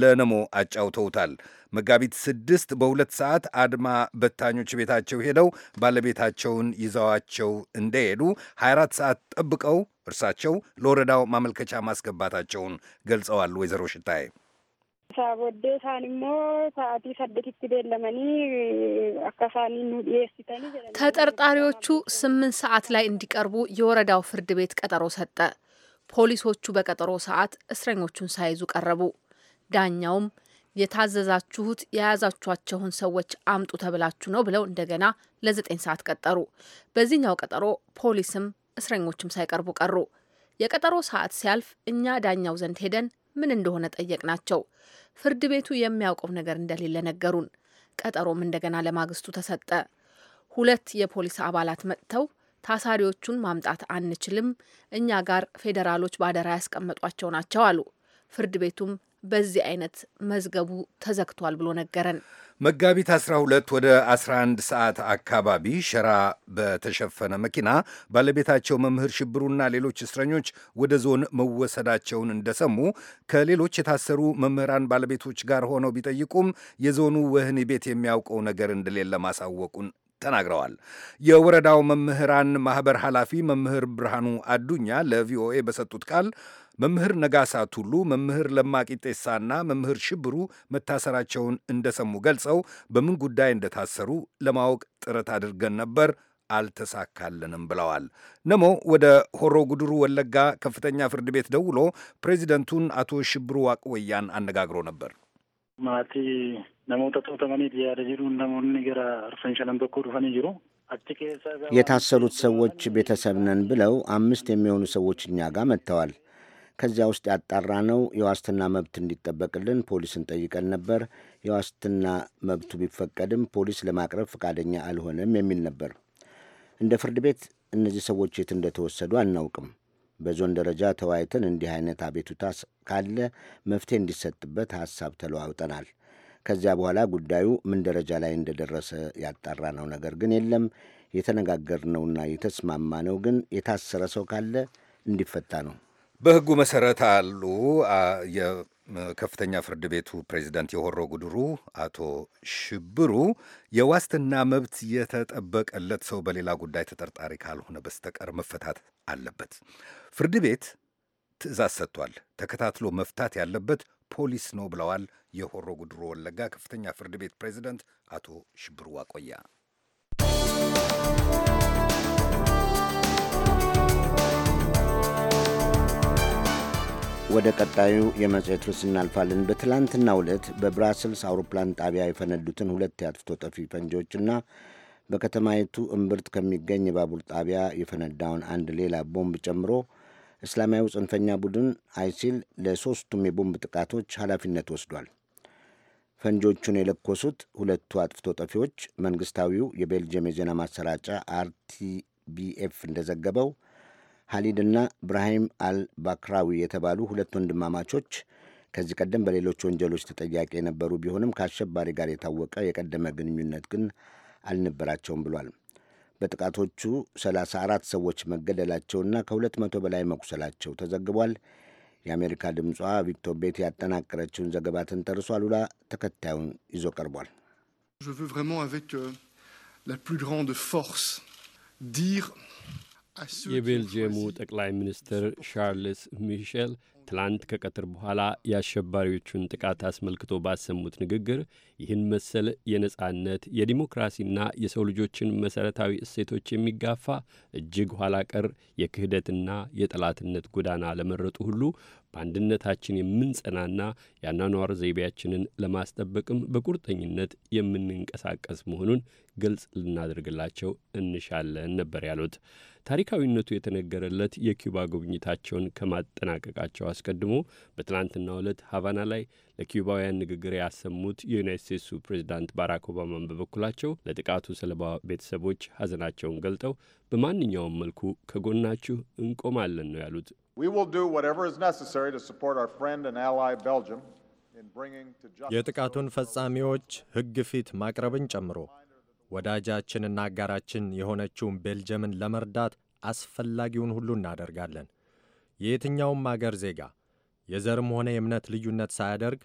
ለነሞ አጫውተውታል። መጋቢት ስድስት በሁለት ሰዓት አድማ በታኞች ቤታቸው ሄደው ባለቤታቸውን ይዘዋቸው እንደሄዱ 24 ሰዓት ጠብቀው እርሳቸው ለወረዳው ማመልከቻ ማስገባታቸውን ገልጸዋል ወይዘሮ ሽታይ isaa booddee isaan immoo sa'aatii saddeetitti beellamanii akka isaanii nu dhiyeessitanii jedhan። ተጠርጣሪዎቹ ስምንት ሰዓት ላይ እንዲቀርቡ የወረዳው ፍርድ ቤት ቀጠሮ ሰጠ። ፖሊሶቹ በቀጠሮ ሰዓት እስረኞቹን ሳይዙ ቀረቡ። ዳኛውም የታዘዛችሁት የያዛችኋቸውን ሰዎች አምጡ ተብላችሁ ነው ብለው እንደገና ለዘጠኝ ሰዓት ቀጠሩ። በዚህኛው ቀጠሮ ፖሊስም እስረኞችም ሳይቀርቡ ቀሩ። የቀጠሮ ሰዓት ሲያልፍ እኛ ዳኛው ዘንድ ሄደን ምን እንደሆነ ጠየቅናቸው። ፍርድ ቤቱ የሚያውቀው ነገር እንደሌለ ነገሩን። ቀጠሮም እንደገና ለማግስቱ ተሰጠ። ሁለት የፖሊስ አባላት መጥተው ታሳሪዎቹን ማምጣት አንችልም፣ እኛ ጋር ፌዴራሎች ባደራ ያስቀመጧቸው ናቸው አሉ። ፍርድ ቤቱም በዚህ አይነት መዝገቡ ተዘግቷል ብሎ ነገረን። መጋቢት 12 ወደ 11 ሰዓት አካባቢ ሸራ በተሸፈነ መኪና ባለቤታቸው መምህር ሽብሩና ሌሎች እስረኞች ወደ ዞን መወሰዳቸውን እንደሰሙ ከሌሎች የታሰሩ መምህራን ባለቤቶች ጋር ሆነው ቢጠይቁም የዞኑ ወህኒ ቤት የሚያውቀው ነገር እንደሌለ ማሳወቁን ተናግረዋል። የወረዳው መምህራን ማኅበር ኃላፊ መምህር ብርሃኑ አዱኛ ለቪኦኤ በሰጡት ቃል መምህር ነጋሳ ቱሉ፣ መምህር ለማቂ ጤሳና መምህር ሽብሩ መታሰራቸውን እንደሰሙ ገልጸው በምን ጉዳይ እንደታሰሩ ለማወቅ ጥረት አድርገን ነበር አልተሳካልንም ብለዋል። ነሞ ወደ ሆሮ ጉድሩ ወለጋ ከፍተኛ ፍርድ ቤት ደውሎ ፕሬዚደንቱን አቶ ሽብሩ ዋቅወያን አነጋግሮ ነበር። ማቲ ነሞተ ያደ ጅሩ ነሞኒ ገራ ርፈን ሸለም በኩ ዱፈን የታሰሩት ሰዎች ቤተሰብ ነን ብለው አምስት የሚሆኑ ሰዎች እኛ ጋር መጥተዋል። ከዚያ ውስጥ ያጣራ ነው የዋስትና መብት እንዲጠበቅልን ፖሊስን ጠይቀን ነበር። የዋስትና መብቱ ቢፈቀድም ፖሊስ ለማቅረብ ፈቃደኛ አልሆነም የሚል ነበር። እንደ ፍርድ ቤት እነዚህ ሰዎች የት እንደተወሰዱ አናውቅም። በዞን ደረጃ ተወያይተን እንዲህ አይነት አቤቱታ ካለ መፍትሄ እንዲሰጥበት ሀሳብ ተለዋውጠናል። ከዚያ በኋላ ጉዳዩ ምን ደረጃ ላይ እንደደረሰ ያጣራ ነው ነገር ግን የለም። የተነጋገርነውና የተስማማነው ግን የታሰረ ሰው ካለ እንዲፈታ ነው። በህጉ መሰረት አሉ የከፍተኛ ፍርድ ቤቱ ፕሬዚዳንት የሆሮ ጉድሩ አቶ ሽብሩ የዋስትና መብት የተጠበቀለት ሰው በሌላ ጉዳይ ተጠርጣሪ ካልሆነ በስተቀር መፈታት አለበት። ፍርድ ቤት ትዕዛዝ ሰጥቷል። ተከታትሎ መፍታት ያለበት ፖሊስ ነው ብለዋል የሆሮ ጉድሩ ወለጋ ከፍተኛ ፍርድ ቤት ፕሬዚደንት አቶ ሽብሩ ዋቆያ። ወደ ቀጣዩ የመጽሔት ርዕስ እናልፋለን። በትላንትናው ዕለት በብራስልስ አውሮፕላን ጣቢያ የፈነዱትን ሁለት የአጥፍቶ ጠፊ ፈንጂዎችና በከተማይቱ እምብርት ከሚገኝ የባቡር ጣቢያ የፈነዳውን አንድ ሌላ ቦምብ ጨምሮ እስላማዊ ጽንፈኛ ቡድን አይሲል ለሦስቱም የቦምብ ጥቃቶች ኃላፊነት ወስዷል። ፈንጂዎቹን የለኮሱት ሁለቱ አጥፍቶ ጠፊዎች መንግሥታዊው የቤልጅየም የዜና ማሰራጫ አርቲቢኤፍ እንደዘገበው ሀሊድና ብራሂም አል ባክራዊ የተባሉ ሁለት ወንድማማቾች ከዚህ ቀደም በሌሎች ወንጀሎች ተጠያቂ የነበሩ ቢሆንም ከአሸባሪ ጋር የታወቀ የቀደመ ግንኙነት ግን አልነበራቸውም ብሏል። በጥቃቶቹ 34 ሰዎች መገደላቸውና ከ200 በላይ መቁሰላቸው ተዘግቧል። የአሜሪካ ድምጿ ቪክቶር ቤት ያጠናቀረችውን ዘገባ ተንተርሶ አሉላ ተከታዩን ይዞ ቀርቧል። Je veux vraiment avec euh, la plus grande force dire የቤልጅየሙ ጠቅላይ ሚኒስትር ሻርልስ ሚሼል ትላንት ከቀትር በኋላ የአሸባሪዎቹን ጥቃት አስመልክቶ ባሰሙት ንግግር ይህን መሰል የነጻነት የዲሞክራሲና የሰው ልጆችን መሠረታዊ እሴቶች የሚጋፋ እጅግ ኋላ ቀር የክህደትና የጠላትነት ጎዳና ለመረጡ ሁሉ በአንድነታችን የምንጸናና የአኗኗር ዘይቤያችንን ለማስጠበቅም በቁርጠኝነት የምንንቀሳቀስ መሆኑን ግልጽ ልናደርግላቸው እንሻለን ነበር ያሉት። ታሪካዊነቱ የተነገረለት የኪዩባ ጉብኝታቸውን ከማጠናቀቃቸው አስቀድሞ በትናንትና ዕለት ሀቫና ላይ ለኪዩባውያን ንግግር ያሰሙት የዩናይት ስቴትሱ ፕሬዚዳንት ባራክ ኦባማን በበኩላቸው ለጥቃቱ ሰለባ ቤተሰቦች ሀዘናቸውን ገልጠው በማንኛውም መልኩ ከጎናችሁ እንቆማለን ነው ያሉት የጥቃቱን ፈጻሚዎች ሕግ ፊት ማቅረብን ጨምሮ ወዳጃችንና አጋራችን የሆነችውን ቤልጅየምን ለመርዳት አስፈላጊውን ሁሉ እናደርጋለን። የየትኛውም አገር ዜጋ የዘርም ሆነ የእምነት ልዩነት ሳያደርግ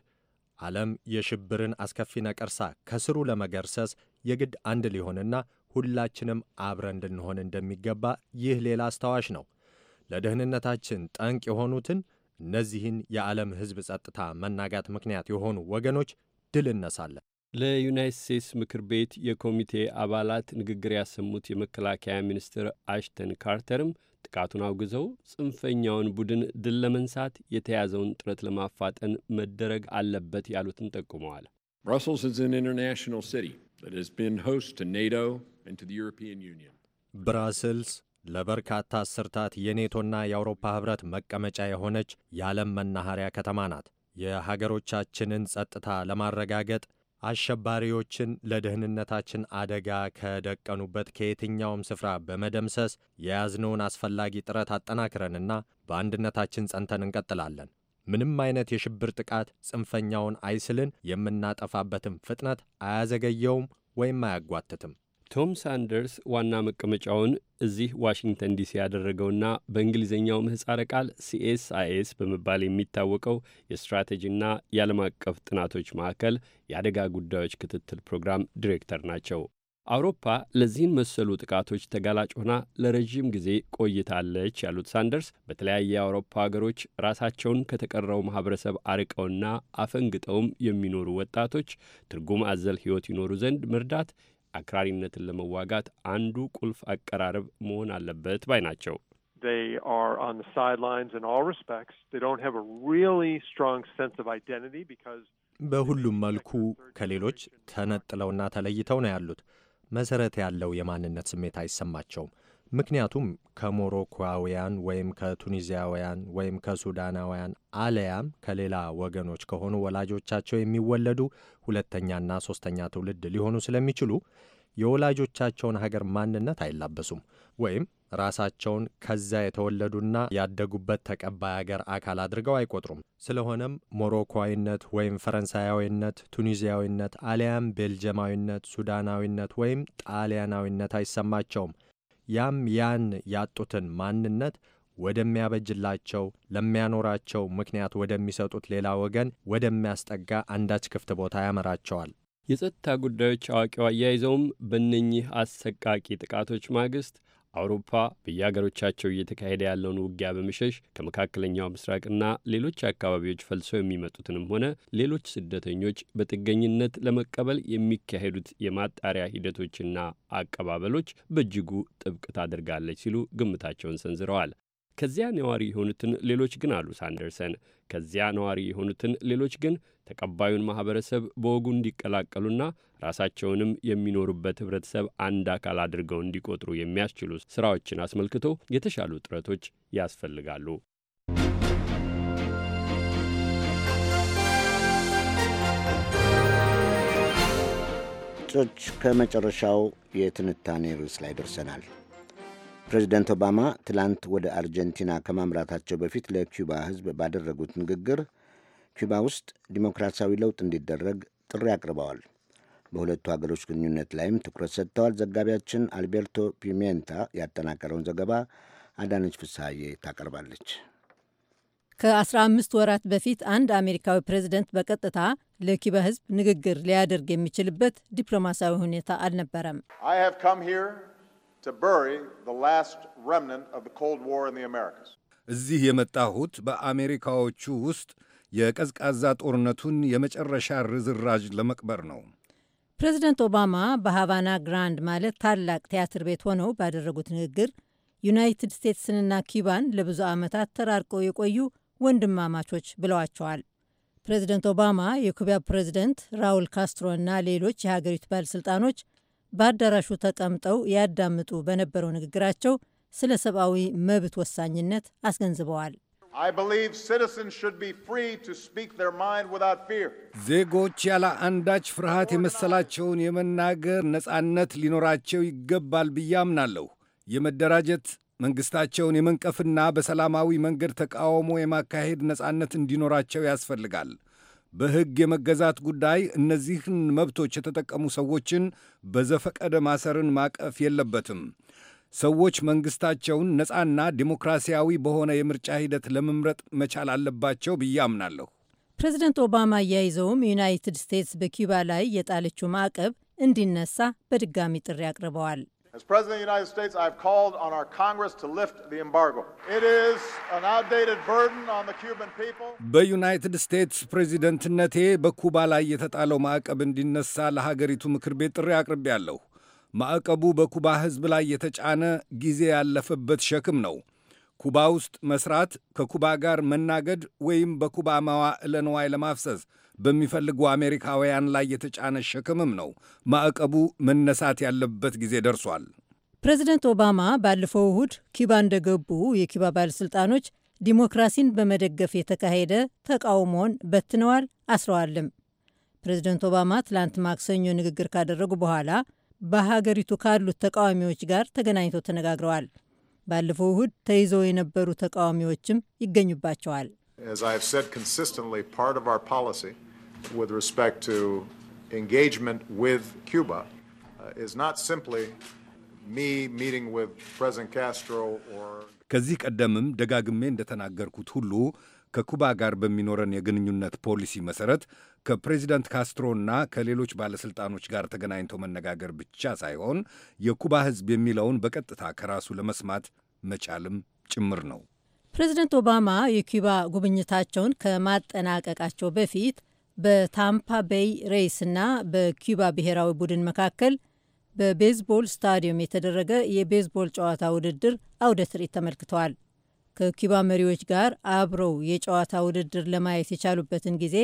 ዓለም የሽብርን አስከፊ ነቀርሳ ከስሩ ለመገርሰስ የግድ አንድ ሊሆንና ሁላችንም አብረን እንድንሆን እንደሚገባ ይህ ሌላ አስታዋሽ ነው። ለደህንነታችን ጠንቅ የሆኑትን እነዚህን የዓለም ሕዝብ ጸጥታ መናጋት ምክንያት የሆኑ ወገኖች ድል እነሳለን። ለዩናይት ስቴትስ ምክር ቤት የኮሚቴ አባላት ንግግር ያሰሙት የመከላከያ ሚኒስትር አሽተን ካርተርም ጥቃቱን አውግዘው ጽንፈኛውን ቡድን ድል ለመንሳት የተያዘውን ጥረት ለማፋጠን መደረግ አለበት ያሉትን ጠቁመዋል። ብራስልስ ለበርካታ አስርታት የኔቶና የአውሮፓ ኅብረት መቀመጫ የሆነች የዓለም መናኸሪያ ከተማ ናት። የሀገሮቻችንን ጸጥታ ለማረጋገጥ አሸባሪዎችን ለደህንነታችን አደጋ ከደቀኑበት ከየትኛውም ስፍራ በመደምሰስ የያዝነውን አስፈላጊ ጥረት አጠናክረንና በአንድነታችን ጸንተን እንቀጥላለን። ምንም አይነት የሽብር ጥቃት ጽንፈኛውን አይስልን የምናጠፋበትም ፍጥነት አያዘገየውም ወይም አያጓትትም። ቶም ሳንደርስ ዋና መቀመጫውን እዚህ ዋሽንግተን ዲሲ ያደረገውና በእንግሊዝኛው ምህጻረ ቃል ሲኤስአይኤስ በመባል የሚታወቀው የስትራቴጂና የዓለም አቀፍ ጥናቶች ማዕከል የአደጋ ጉዳዮች ክትትል ፕሮግራም ዲሬክተር ናቸው። አውሮፓ ለዚህን መሰሉ ጥቃቶች ተጋላጭ ሆና ለረዥም ጊዜ ቆይታለች ያሉት ሳንደርስ በተለያየ የአውሮፓ ሀገሮች ራሳቸውን ከተቀረው ማህበረሰብ አርቀውና አፈንግጠውም የሚኖሩ ወጣቶች ትርጉም አዘል ሕይወት ይኖሩ ዘንድ መርዳት አክራሪነትን ለመዋጋት አንዱ ቁልፍ አቀራረብ መሆን አለበት ባይ ናቸው። በሁሉም መልኩ ከሌሎች ተነጥለውና ተለይተው ነው ያሉት። መሰረት ያለው የማንነት ስሜት አይሰማቸውም። ምክንያቱም ከሞሮኮውያን ወይም ከቱኒዚያውያን ወይም ከሱዳናውያን አለያም ከሌላ ወገኖች ከሆኑ ወላጆቻቸው የሚወለዱ ሁለተኛና ሦስተኛ ትውልድ ሊሆኑ ስለሚችሉ የወላጆቻቸውን ሀገር ማንነት አይላበሱም ወይም ራሳቸውን ከዛ የተወለዱና ያደጉበት ተቀባይ አገር አካል አድርገው አይቆጥሩም። ስለሆነም ሞሮኳዊነት ወይም ፈረንሳያዊነት፣ ቱኒዚያዊነት አሊያም ቤልጀማዊነት፣ ሱዳናዊነት ወይም ጣሊያናዊነት አይሰማቸውም። ያም ያን ያጡትን ማንነት ወደሚያበጅላቸው ለሚያኖራቸው ምክንያት ወደሚሰጡት ሌላ ወገን ወደሚያስጠጋ አንዳች ክፍት ቦታ ያመራቸዋል። የጸጥታ ጉዳዮች አዋቂው አያይዘውም በእነኚህ አሰቃቂ ጥቃቶች ማግስት አውሮፓ በየአገሮቻቸው እየተካሄደ ያለውን ውጊያ በመሸሽ ከመካከለኛው ምስራቅና ሌሎች አካባቢዎች ፈልሰው የሚመጡትንም ሆነ ሌሎች ስደተኞች በጥገኝነት ለመቀበል የሚካሄዱት የማጣሪያ ሂደቶችና አቀባበሎች በእጅጉ ጥብቅ ታደርጋለች ሲሉ ግምታቸውን ሰንዝረዋል። ከዚያ ነዋሪ የሆኑትን ሌሎች ግን አሉ ሳንደርሰን ከዚያ ነዋሪ የሆኑትን ሌሎች ግን ተቀባዩን ማኅበረሰብ በወጉ እንዲቀላቀሉና ራሳቸውንም የሚኖሩበት ህብረተሰብ አንድ አካል አድርገው እንዲቆጥሩ የሚያስችሉ ሥራዎችን አስመልክቶ የተሻሉ ጥረቶች ያስፈልጋሉ። ጮች ከመጨረሻው የትንታኔ ርዕስ ላይ ደርሰናል። ፕሬዚደንት ኦባማ ትላንት ወደ አርጀንቲና ከማምራታቸው በፊት ለኪዩባ ሕዝብ ባደረጉት ንግግር ኩባ ውስጥ ዲሞክራሲያዊ ለውጥ እንዲደረግ ጥሪ አቅርበዋል። በሁለቱ ሀገሮች ግንኙነት ላይም ትኩረት ሰጥተዋል። ዘጋቢያችን አልቤርቶ ፒሜንታ ያጠናቀረውን ዘገባ አዳነች ፍስሐዬ ታቀርባለች። ከ15 ወራት በፊት አንድ አሜሪካዊ ፕሬዚደንት በቀጥታ ለኪባ ሕዝብ ንግግር ሊያደርግ የሚችልበት ዲፕሎማሲያዊ ሁኔታ አልነበረም። እዚህ የመጣሁት በአሜሪካዎቹ ውስጥ የቀዝቃዛ ጦርነቱን የመጨረሻ ርዝራዥ ለመቅበር ነው። ፕሬዚደንት ኦባማ በሃቫና ግራንድ ማለት ታላቅ ቲያትር ቤት ሆነው ባደረጉት ንግግር ዩናይትድ ስቴትስንና ኪባን ለብዙ ዓመታት ተራርቀው የቆዩ ወንድማማቾች ብለዋቸዋል። ፕሬዚደንት ኦባማ የኩባ ፕሬዚደንት ራውል ካስትሮ እና ሌሎች የሀገሪቱ ባለሥልጣኖች በአዳራሹ ተቀምጠው ያዳምጡ በነበረው ንግግራቸው ስለ ሰብአዊ መብት ወሳኝነት አስገንዝበዋል። ዜጎች ያለ አንዳች ፍርሃት የመሰላቸውን የመናገር ነጻነት ሊኖራቸው ይገባል ብዬ አምናለሁ። የመደራጀት መንግሥታቸውን የመንቀፍና በሰላማዊ መንገድ ተቃውሞ የማካሄድ ነጻነት እንዲኖራቸው ያስፈልጋል። በሕግ የመገዛት ጉዳይ እነዚህን መብቶች የተጠቀሙ ሰዎችን በዘፈቀደ ማሰርን ማቀፍ የለበትም። ሰዎች መንግሥታቸውን ነፃና ዲሞክራሲያዊ በሆነ የምርጫ ሂደት ለመምረጥ መቻል አለባቸው ብዬ አምናለሁ። ፕሬዚደንት ኦባማ አያይዘውም ዩናይትድ ስቴትስ በኪዩባ ላይ የጣለችው ማዕቀብ እንዲነሳ በድጋሚ ጥሪ አቅርበዋል። በዩናይትድ ስቴትስ ፕሬዚደንትነቴ በኩባ ላይ የተጣለው ማዕቀብ እንዲነሳ ለሀገሪቱ ምክር ቤት ጥሪ አቅርቤያለሁ። ማዕቀቡ በኩባ ሕዝብ ላይ የተጫነ ጊዜ ያለፈበት ሸክም ነው። ኩባ ውስጥ መስራት፣ ከኩባ ጋር መናገድ ወይም በኩባ መዋዕለ ንዋይ ለማፍሰስ በሚፈልጉ አሜሪካውያን ላይ የተጫነ ሸክምም ነው። ማዕቀቡ መነሳት ያለበት ጊዜ ደርሷል። ፕሬዚደንት ኦባማ ባለፈው እሁድ ኪባ እንደገቡ የኪባ ባለሥልጣኖች ዲሞክራሲን በመደገፍ የተካሄደ ተቃውሞን በትነዋል፣ አስረዋልም። ፕሬዚደንት ኦባማ ትላንት ማክሰኞ ንግግር ካደረጉ በኋላ በሀገሪቱ ካሉት ተቃዋሚዎች ጋር ተገናኝተው ተነጋግረዋል። ባለፈው እሁድ ተይዘው የነበሩ ተቃዋሚዎችም ይገኙባቸዋል። uh, ከዚህ ቀደምም ደጋግሜ እንደተናገርኩት ሁሉ ከኩባ ጋር በሚኖረን የግንኙነት ፖሊሲ መሰረት ከፕሬዚደንት ካስትሮና ከሌሎች ባለሥልጣኖች ጋር ተገናኝቶ መነጋገር ብቻ ሳይሆን የኩባ ሕዝብ የሚለውን በቀጥታ ከራሱ ለመስማት መቻልም ጭምር ነው። ፕሬዚደንት ኦባማ የኩባ ጉብኝታቸውን ከማጠናቀቃቸው በፊት በታምፓ ቤይ እና በኩባ ብሔራዊ ቡድን መካከል በቤዝቦል ስታዲየም የተደረገ የቤዝቦል ጨዋታ ውድድር አውደ ትርኢት ተመልክተዋል። ከኩባ መሪዎች ጋር አብረው የጨዋታ ውድድር ለማየት የቻሉበትን ጊዜ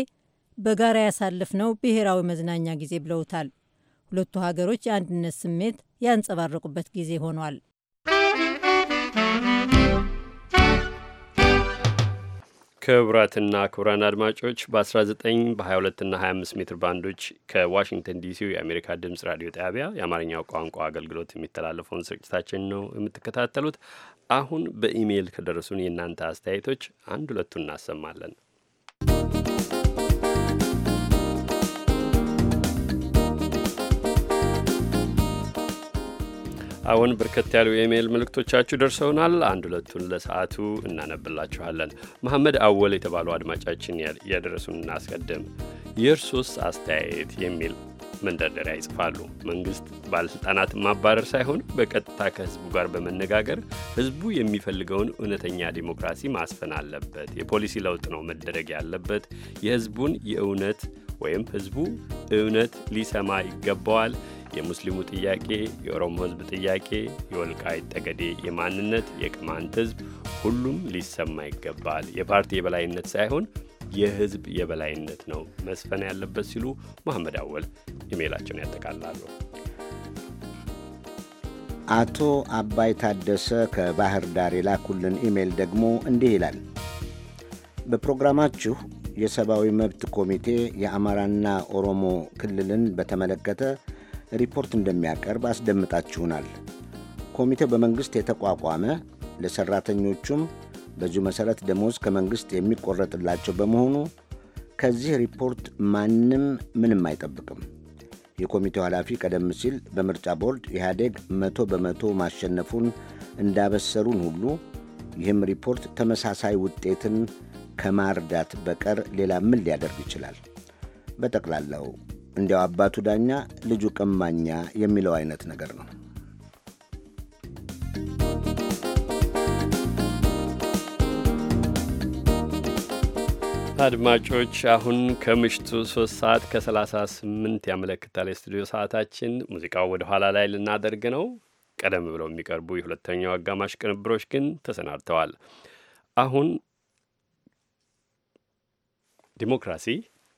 በጋራ ያሳለፍነው ብሔራዊ መዝናኛ ጊዜ ብለውታል። ሁለቱ ሀገሮች የአንድነት ስሜት ያንጸባረቁበት ጊዜ ሆኗል። ክቡራትና ክቡራን አድማጮች በ19 በ22ና 25 ሜትር ባንዶች ከዋሽንግተን ዲሲ የአሜሪካ ድምፅ ራዲዮ ጣቢያ የአማርኛው ቋንቋ አገልግሎት የሚተላለፈውን ስርጭታችን ነው የምትከታተሉት። አሁን በኢሜይል ከደረሱን የእናንተ አስተያየቶች አንድ ሁለቱን እናሰማለን። አሁን በርከት ያሉ የኢሜይል መልእክቶቻችሁ ደርሰውናል። አንድ ሁለቱን ለሰዓቱ እናነብላችኋለን። መሐመድ አወል የተባሉ አድማጫችን ያደረሱን እናስቀድም። የእርሶስ አስተያየት የሚል መንደርደሪያ ይጽፋሉ። መንግስት ባለሥልጣናትን ማባረር ሳይሆን በቀጥታ ከህዝቡ ጋር በመነጋገር ህዝቡ የሚፈልገውን እውነተኛ ዲሞክራሲ ማስፈን አለበት። የፖሊሲ ለውጥ ነው መደረግ ያለበት። የህዝቡን የእውነት ወይም ህዝቡ እውነት ሊሰማ ይገባዋል። የሙስሊሙ ጥያቄ፣ የኦሮሞ ህዝብ ጥያቄ፣ የወልቃይት ጠገዴ የማንነት የቅማንት ህዝብ ሁሉም ሊሰማ ይገባል። የፓርቲ የበላይነት ሳይሆን የህዝብ የበላይነት ነው መስፈን ያለበት ሲሉ መሐመድ አወል ኢሜይላቸውን ያጠቃላሉ። አቶ አባይ ታደሰ ከባህር ዳር የላኩልን ኢሜይል ደግሞ እንዲህ ይላል። በፕሮግራማችሁ የሰብአዊ መብት ኮሚቴ የአማራና ኦሮሞ ክልልን በተመለከተ ሪፖርት እንደሚያቀርብ አስደምጣችሁናል። ኮሚቴው በመንግሥት የተቋቋመ ለሠራተኞቹም በዚሁ መሠረት ደሞዝ ከመንግሥት የሚቆረጥላቸው በመሆኑ ከዚህ ሪፖርት ማንም ምንም አይጠብቅም። የኮሚቴው ኃላፊ ቀደም ሲል በምርጫ ቦርድ ኢህአዴግ መቶ በመቶ ማሸነፉን እንዳበሰሩን ሁሉ ይህም ሪፖርት ተመሳሳይ ውጤትን ከማርዳት በቀር ሌላ ምን ሊያደርግ ይችላል? በጠቅላላው እንዲያው አባቱ ዳኛ ልጁ ቀማኛ የሚለው አይነት ነገር ነው። አድማጮች አሁን ከምሽቱ ሶስት ሰዓት ከሰላሳ ስምንት ያመለክታል የስቱዲዮ ሰዓታችን። ሙዚቃው ወደ ኋላ ላይ ልናደርግ ነው። ቀደም ብለው የሚቀርቡ የሁለተኛው አጋማሽ ቅንብሮች ግን ተሰናድተዋል። አሁን ዲሞክራሲ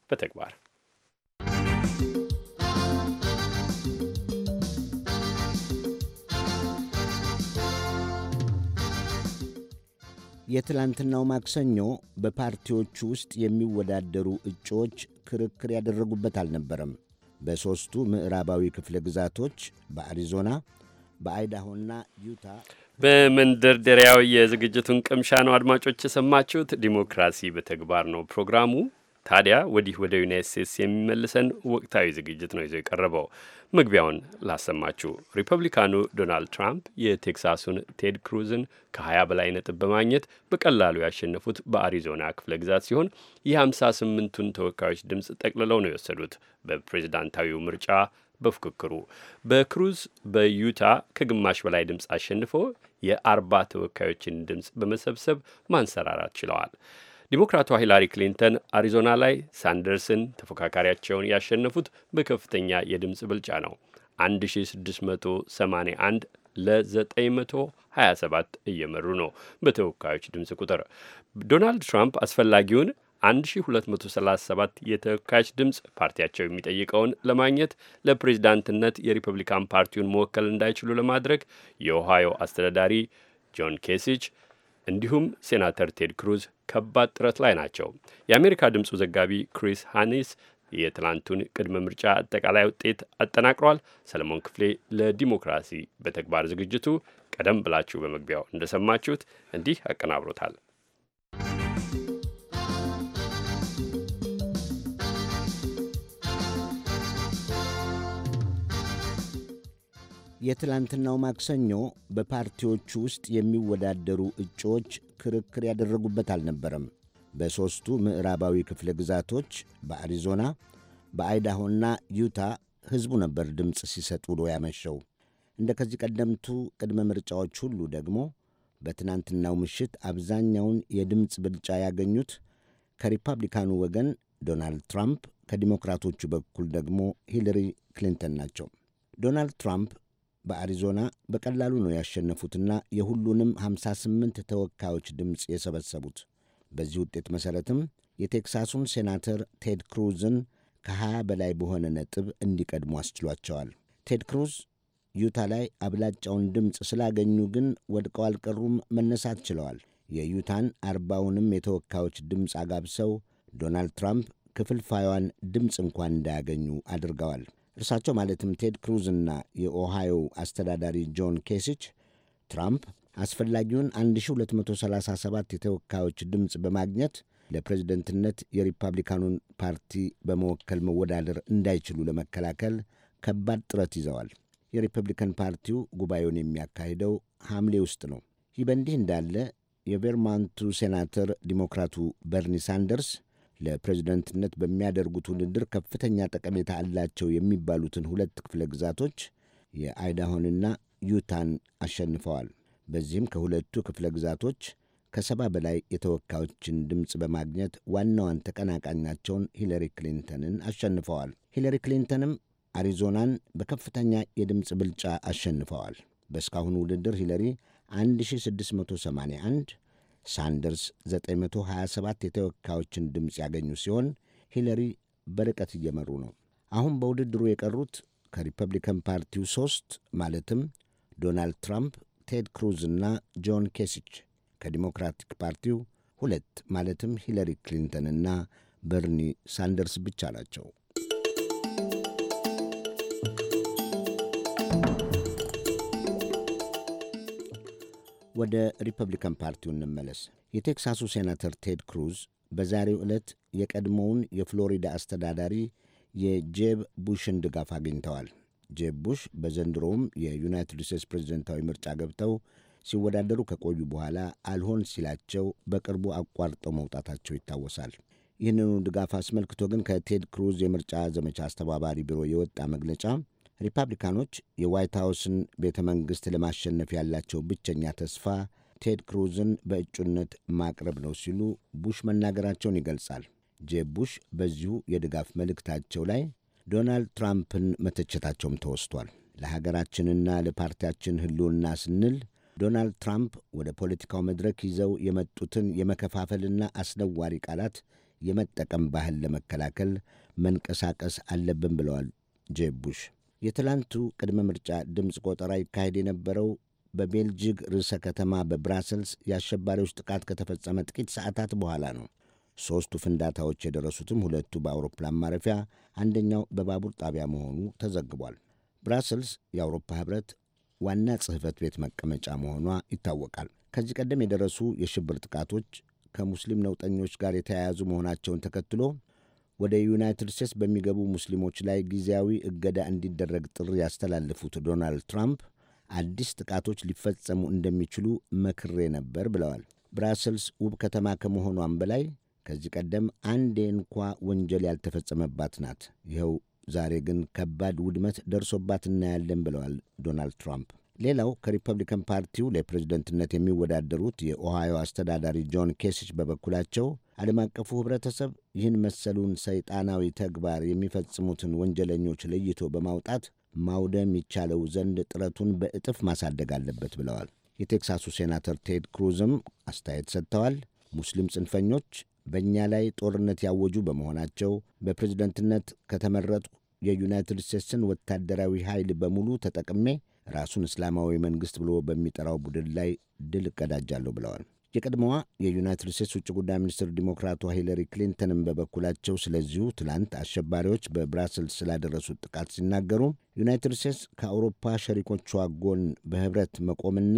በተግባር የትላንትናው ማክሰኞ በፓርቲዎቹ ውስጥ የሚወዳደሩ እጩዎች ክርክር ያደረጉበት አልነበረም። በሦስቱ ምዕራባዊ ክፍለ ግዛቶች በአሪዞና በአይዳሆና ዩታ በመንደርደሪያው የዝግጅቱን ቅምሻ ነው አድማጮች የሰማችሁት። ዲሞክራሲ በተግባር ነው ፕሮግራሙ። ታዲያ ወዲህ ወደ ዩናይት ስቴትስ የሚመልሰን ወቅታዊ ዝግጅት ነው ይዞ የቀረበው። መግቢያውን ላሰማችሁ። ሪፐብሊካኑ ዶናልድ ትራምፕ የቴክሳሱን ቴድ ክሩዝን ከ20 በላይ ነጥብ በማግኘት በቀላሉ ያሸነፉት በአሪዞና ክፍለ ግዛት ሲሆን የ58ቱን ተወካዮች ድምፅ ጠቅልለው ነው የወሰዱት በፕሬዚዳንታዊው ምርጫ በፉክክሩ በክሩዝ በዩታ ከግማሽ በላይ ድምፅ አሸንፎ የአርባ ተወካዮችን ድምፅ በመሰብሰብ ማንሰራራት ችለዋል። ዲሞክራቷ ሂላሪ ክሊንተን አሪዞና ላይ ሳንደርስን ተፎካካሪያቸውን ያሸነፉት በከፍተኛ የድምፅ ብልጫ ነው 1681 ለ927 እየመሩ ነው በተወካዮች ድምፅ ቁጥር። ዶናልድ ትራምፕ አስፈላጊውን 1237 የተወካዮች ድምፅ ፓርቲያቸው የሚጠይቀውን ለማግኘት ለፕሬዚዳንትነት የሪፐብሊካን ፓርቲውን መወከል እንዳይችሉ ለማድረግ የኦሃዮ አስተዳዳሪ ጆን ኬሲች እንዲሁም ሴናተር ቴድ ክሩዝ ከባድ ጥረት ላይ ናቸው። የአሜሪካ ድምፁ ዘጋቢ ክሪስ ሃኒስ የትላንቱን ቅድመ ምርጫ አጠቃላይ ውጤት አጠናቅሯል። ሰለሞን ክፍሌ ለዲሞክራሲ በተግባር ዝግጅቱ ቀደም ብላችሁ በመግቢያው እንደሰማችሁት እንዲህ አቀናብሮታል። የትላንትናው ማክሰኞ በፓርቲዎቹ ውስጥ የሚወዳደሩ እጩዎች ክርክር ያደረጉበት አልነበረም። በሦስቱ ምዕራባዊ ክፍለ ግዛቶች በአሪዞና በአይዳሆና ዩታ ሕዝቡ ነበር ድምፅ ሲሰጥ ውሎ ያመሸው። እንደ ከዚህ ቀደምቱ ቅድመ ምርጫዎች ሁሉ ደግሞ በትናንትናው ምሽት አብዛኛውን የድምፅ ብልጫ ያገኙት ከሪፐብሊካኑ ወገን ዶናልድ ትራምፕ፣ ከዲሞክራቶቹ በኩል ደግሞ ሂለሪ ክሊንተን ናቸው። ዶናልድ ትራምፕ በአሪዞና በቀላሉ ነው ያሸነፉትና የሁሉንም 58 ተወካዮች ድምፅ የሰበሰቡት። በዚህ ውጤት መሠረትም የቴክሳሱን ሴናተር ቴድ ክሩዝን ከ20 በላይ በሆነ ነጥብ እንዲቀድሙ አስችሏቸዋል። ቴድ ክሩዝ ዩታ ላይ አብላጫውን ድምፅ ስላገኙ ግን ወድቀው አልቀሩም፣ መነሳት ችለዋል። የዩታን አርባውንም የተወካዮች ድምፅ አጋብሰው ዶናልድ ትራምፕ ክፍልፋዩን ድምፅ እንኳን እንዳያገኙ አድርገዋል። እርሳቸው ማለትም ቴድ ክሩዝ እና የኦሃዮ አስተዳዳሪ ጆን ኬሲች ትራምፕ አስፈላጊውን 1237 የተወካዮች ድምፅ በማግኘት ለፕሬዝደንትነት የሪፐብሊካኑን ፓርቲ በመወከል መወዳደር እንዳይችሉ ለመከላከል ከባድ ጥረት ይዘዋል። የሪፐብሊካን ፓርቲው ጉባኤውን የሚያካሂደው ሐምሌ ውስጥ ነው። ይህ በእንዲህ እንዳለ የቬርማንቱ ሴናተር ዲሞክራቱ በርኒ ሳንደርስ ለፕሬዝደንትነት በሚያደርጉት ውድድር ከፍተኛ ጠቀሜታ አላቸው የሚባሉትን ሁለት ክፍለ ግዛቶች የአይዳሆንና ዩታን አሸንፈዋል። በዚህም ከሁለቱ ክፍለ ግዛቶች ከሰባ በላይ የተወካዮችን ድምፅ በማግኘት ዋናዋን ተቀናቃኛቸውን ሂለሪ ክሊንተንን አሸንፈዋል። ሂለሪ ክሊንተንም አሪዞናን በከፍተኛ የድምፅ ብልጫ አሸንፈዋል። በእስካሁኑ ውድድር ሂለሪ 1681 ሳንደርስ 927 የተወካዮችን ድምፅ ያገኙ ሲሆን ሂለሪ በርቀት እየመሩ ነው። አሁን በውድድሩ የቀሩት ከሪፐብሊካን ፓርቲው ሦስት ማለትም ዶናልድ ትራምፕ፣ ቴድ ክሩዝ እና ጆን ኬሲች፣ ከዲሞክራቲክ ፓርቲው ሁለት ማለትም ሂለሪ ክሊንተን እና በርኒ ሳንደርስ ብቻ ናቸው። ወደ ሪፐብሊካን ፓርቲው እንመለስ። የቴክሳሱ ሴናተር ቴድ ክሩዝ በዛሬው ዕለት የቀድሞውን የፍሎሪዳ አስተዳዳሪ የጄብ ቡሽን ድጋፍ አግኝተዋል። ጄብ ቡሽ በዘንድሮውም የዩናይትድ ስቴትስ ፕሬዝደንታዊ ምርጫ ገብተው ሲወዳደሩ ከቆዩ በኋላ አልሆን ሲላቸው በቅርቡ አቋርጠው መውጣታቸው ይታወሳል። ይህንኑ ድጋፍ አስመልክቶ ግን ከቴድ ክሩዝ የምርጫ ዘመቻ አስተባባሪ ቢሮ የወጣ መግለጫ ሪፐብሊካኖች የዋይት ሀውስን ቤተ መንግሥት ለማሸነፍ ያላቸው ብቸኛ ተስፋ ቴድ ክሩዝን በእጩነት ማቅረብ ነው ሲሉ ቡሽ መናገራቸውን ይገልጻል። ጄብ ቡሽ በዚሁ የድጋፍ መልእክታቸው ላይ ዶናልድ ትራምፕን መተቸታቸውም ተወስቷል። ለሀገራችንና ለፓርቲያችን ሕልውና ስንል ዶናልድ ትራምፕ ወደ ፖለቲካው መድረክ ይዘው የመጡትን የመከፋፈልና አስነዋሪ ቃላት የመጠቀም ባህል ለመከላከል መንቀሳቀስ አለብን ብለዋል ጄብ ቡሽ። የትላንቱ ቅድመ ምርጫ ድምፅ ቆጠራ ይካሄድ የነበረው በቤልጅግ ርዕሰ ከተማ በብራሰልስ የአሸባሪዎች ጥቃት ከተፈጸመ ጥቂት ሰዓታት በኋላ ነው። ሦስቱ ፍንዳታዎች የደረሱትም ሁለቱ በአውሮፕላን ማረፊያ፣ አንደኛው በባቡር ጣቢያ መሆኑ ተዘግቧል። ብራሰልስ የአውሮፓ ኅብረት ዋና ጽሕፈት ቤት መቀመጫ መሆኗ ይታወቃል። ከዚህ ቀደም የደረሱ የሽብር ጥቃቶች ከሙስሊም ነውጠኞች ጋር የተያያዙ መሆናቸውን ተከትሎ ወደ ዩናይትድ ስቴትስ በሚገቡ ሙስሊሞች ላይ ጊዜያዊ እገዳ እንዲደረግ ጥሪ ያስተላለፉት ዶናልድ ትራምፕ አዲስ ጥቃቶች ሊፈጸሙ እንደሚችሉ መክሬ ነበር ብለዋል። ብራስልስ ውብ ከተማ ከመሆኗም በላይ ከዚህ ቀደም አንዴ እንኳ ወንጀል ያልተፈጸመባት ናት። ይኸው ዛሬ ግን ከባድ ውድመት ደርሶባት እናያለን ብለዋል ዶናልድ ትራምፕ። ሌላው ከሪፐብሊካን ፓርቲው ለፕሬዝደንትነት የሚወዳደሩት የኦሃዮ አስተዳዳሪ ጆን ኬሲች በበኩላቸው ዓለም አቀፉ ኅብረተሰብ ይህን መሰሉን ሰይጣናዊ ተግባር የሚፈጽሙትን ወንጀለኞች ለይቶ በማውጣት ማውደም ይቻለው ዘንድ ጥረቱን በእጥፍ ማሳደግ አለበት ብለዋል። የቴክሳሱ ሴናተር ቴድ ክሩዝም አስተያየት ሰጥተዋል። ሙስሊም ጽንፈኞች በእኛ ላይ ጦርነት ያወጁ በመሆናቸው በፕሬዝደንትነት ከተመረጡ የዩናይትድ ስቴትስን ወታደራዊ ኃይል በሙሉ ተጠቅሜ ራሱን እስላማዊ መንግሥት ብሎ በሚጠራው ቡድን ላይ ድል እቀዳጃለሁ ብለዋል። የቀድሞዋ የዩናይትድ ስቴትስ ውጭ ጉዳይ ሚኒስትር ዲሞክራቷ ሂለሪ ክሊንተንም በበኩላቸው ስለዚሁ ትላንት አሸባሪዎች በብራስልስ ስላደረሱት ጥቃት ሲናገሩ ዩናይትድ ስቴትስ ከአውሮፓ ሸሪኮቿ ጎን በህብረት መቆምና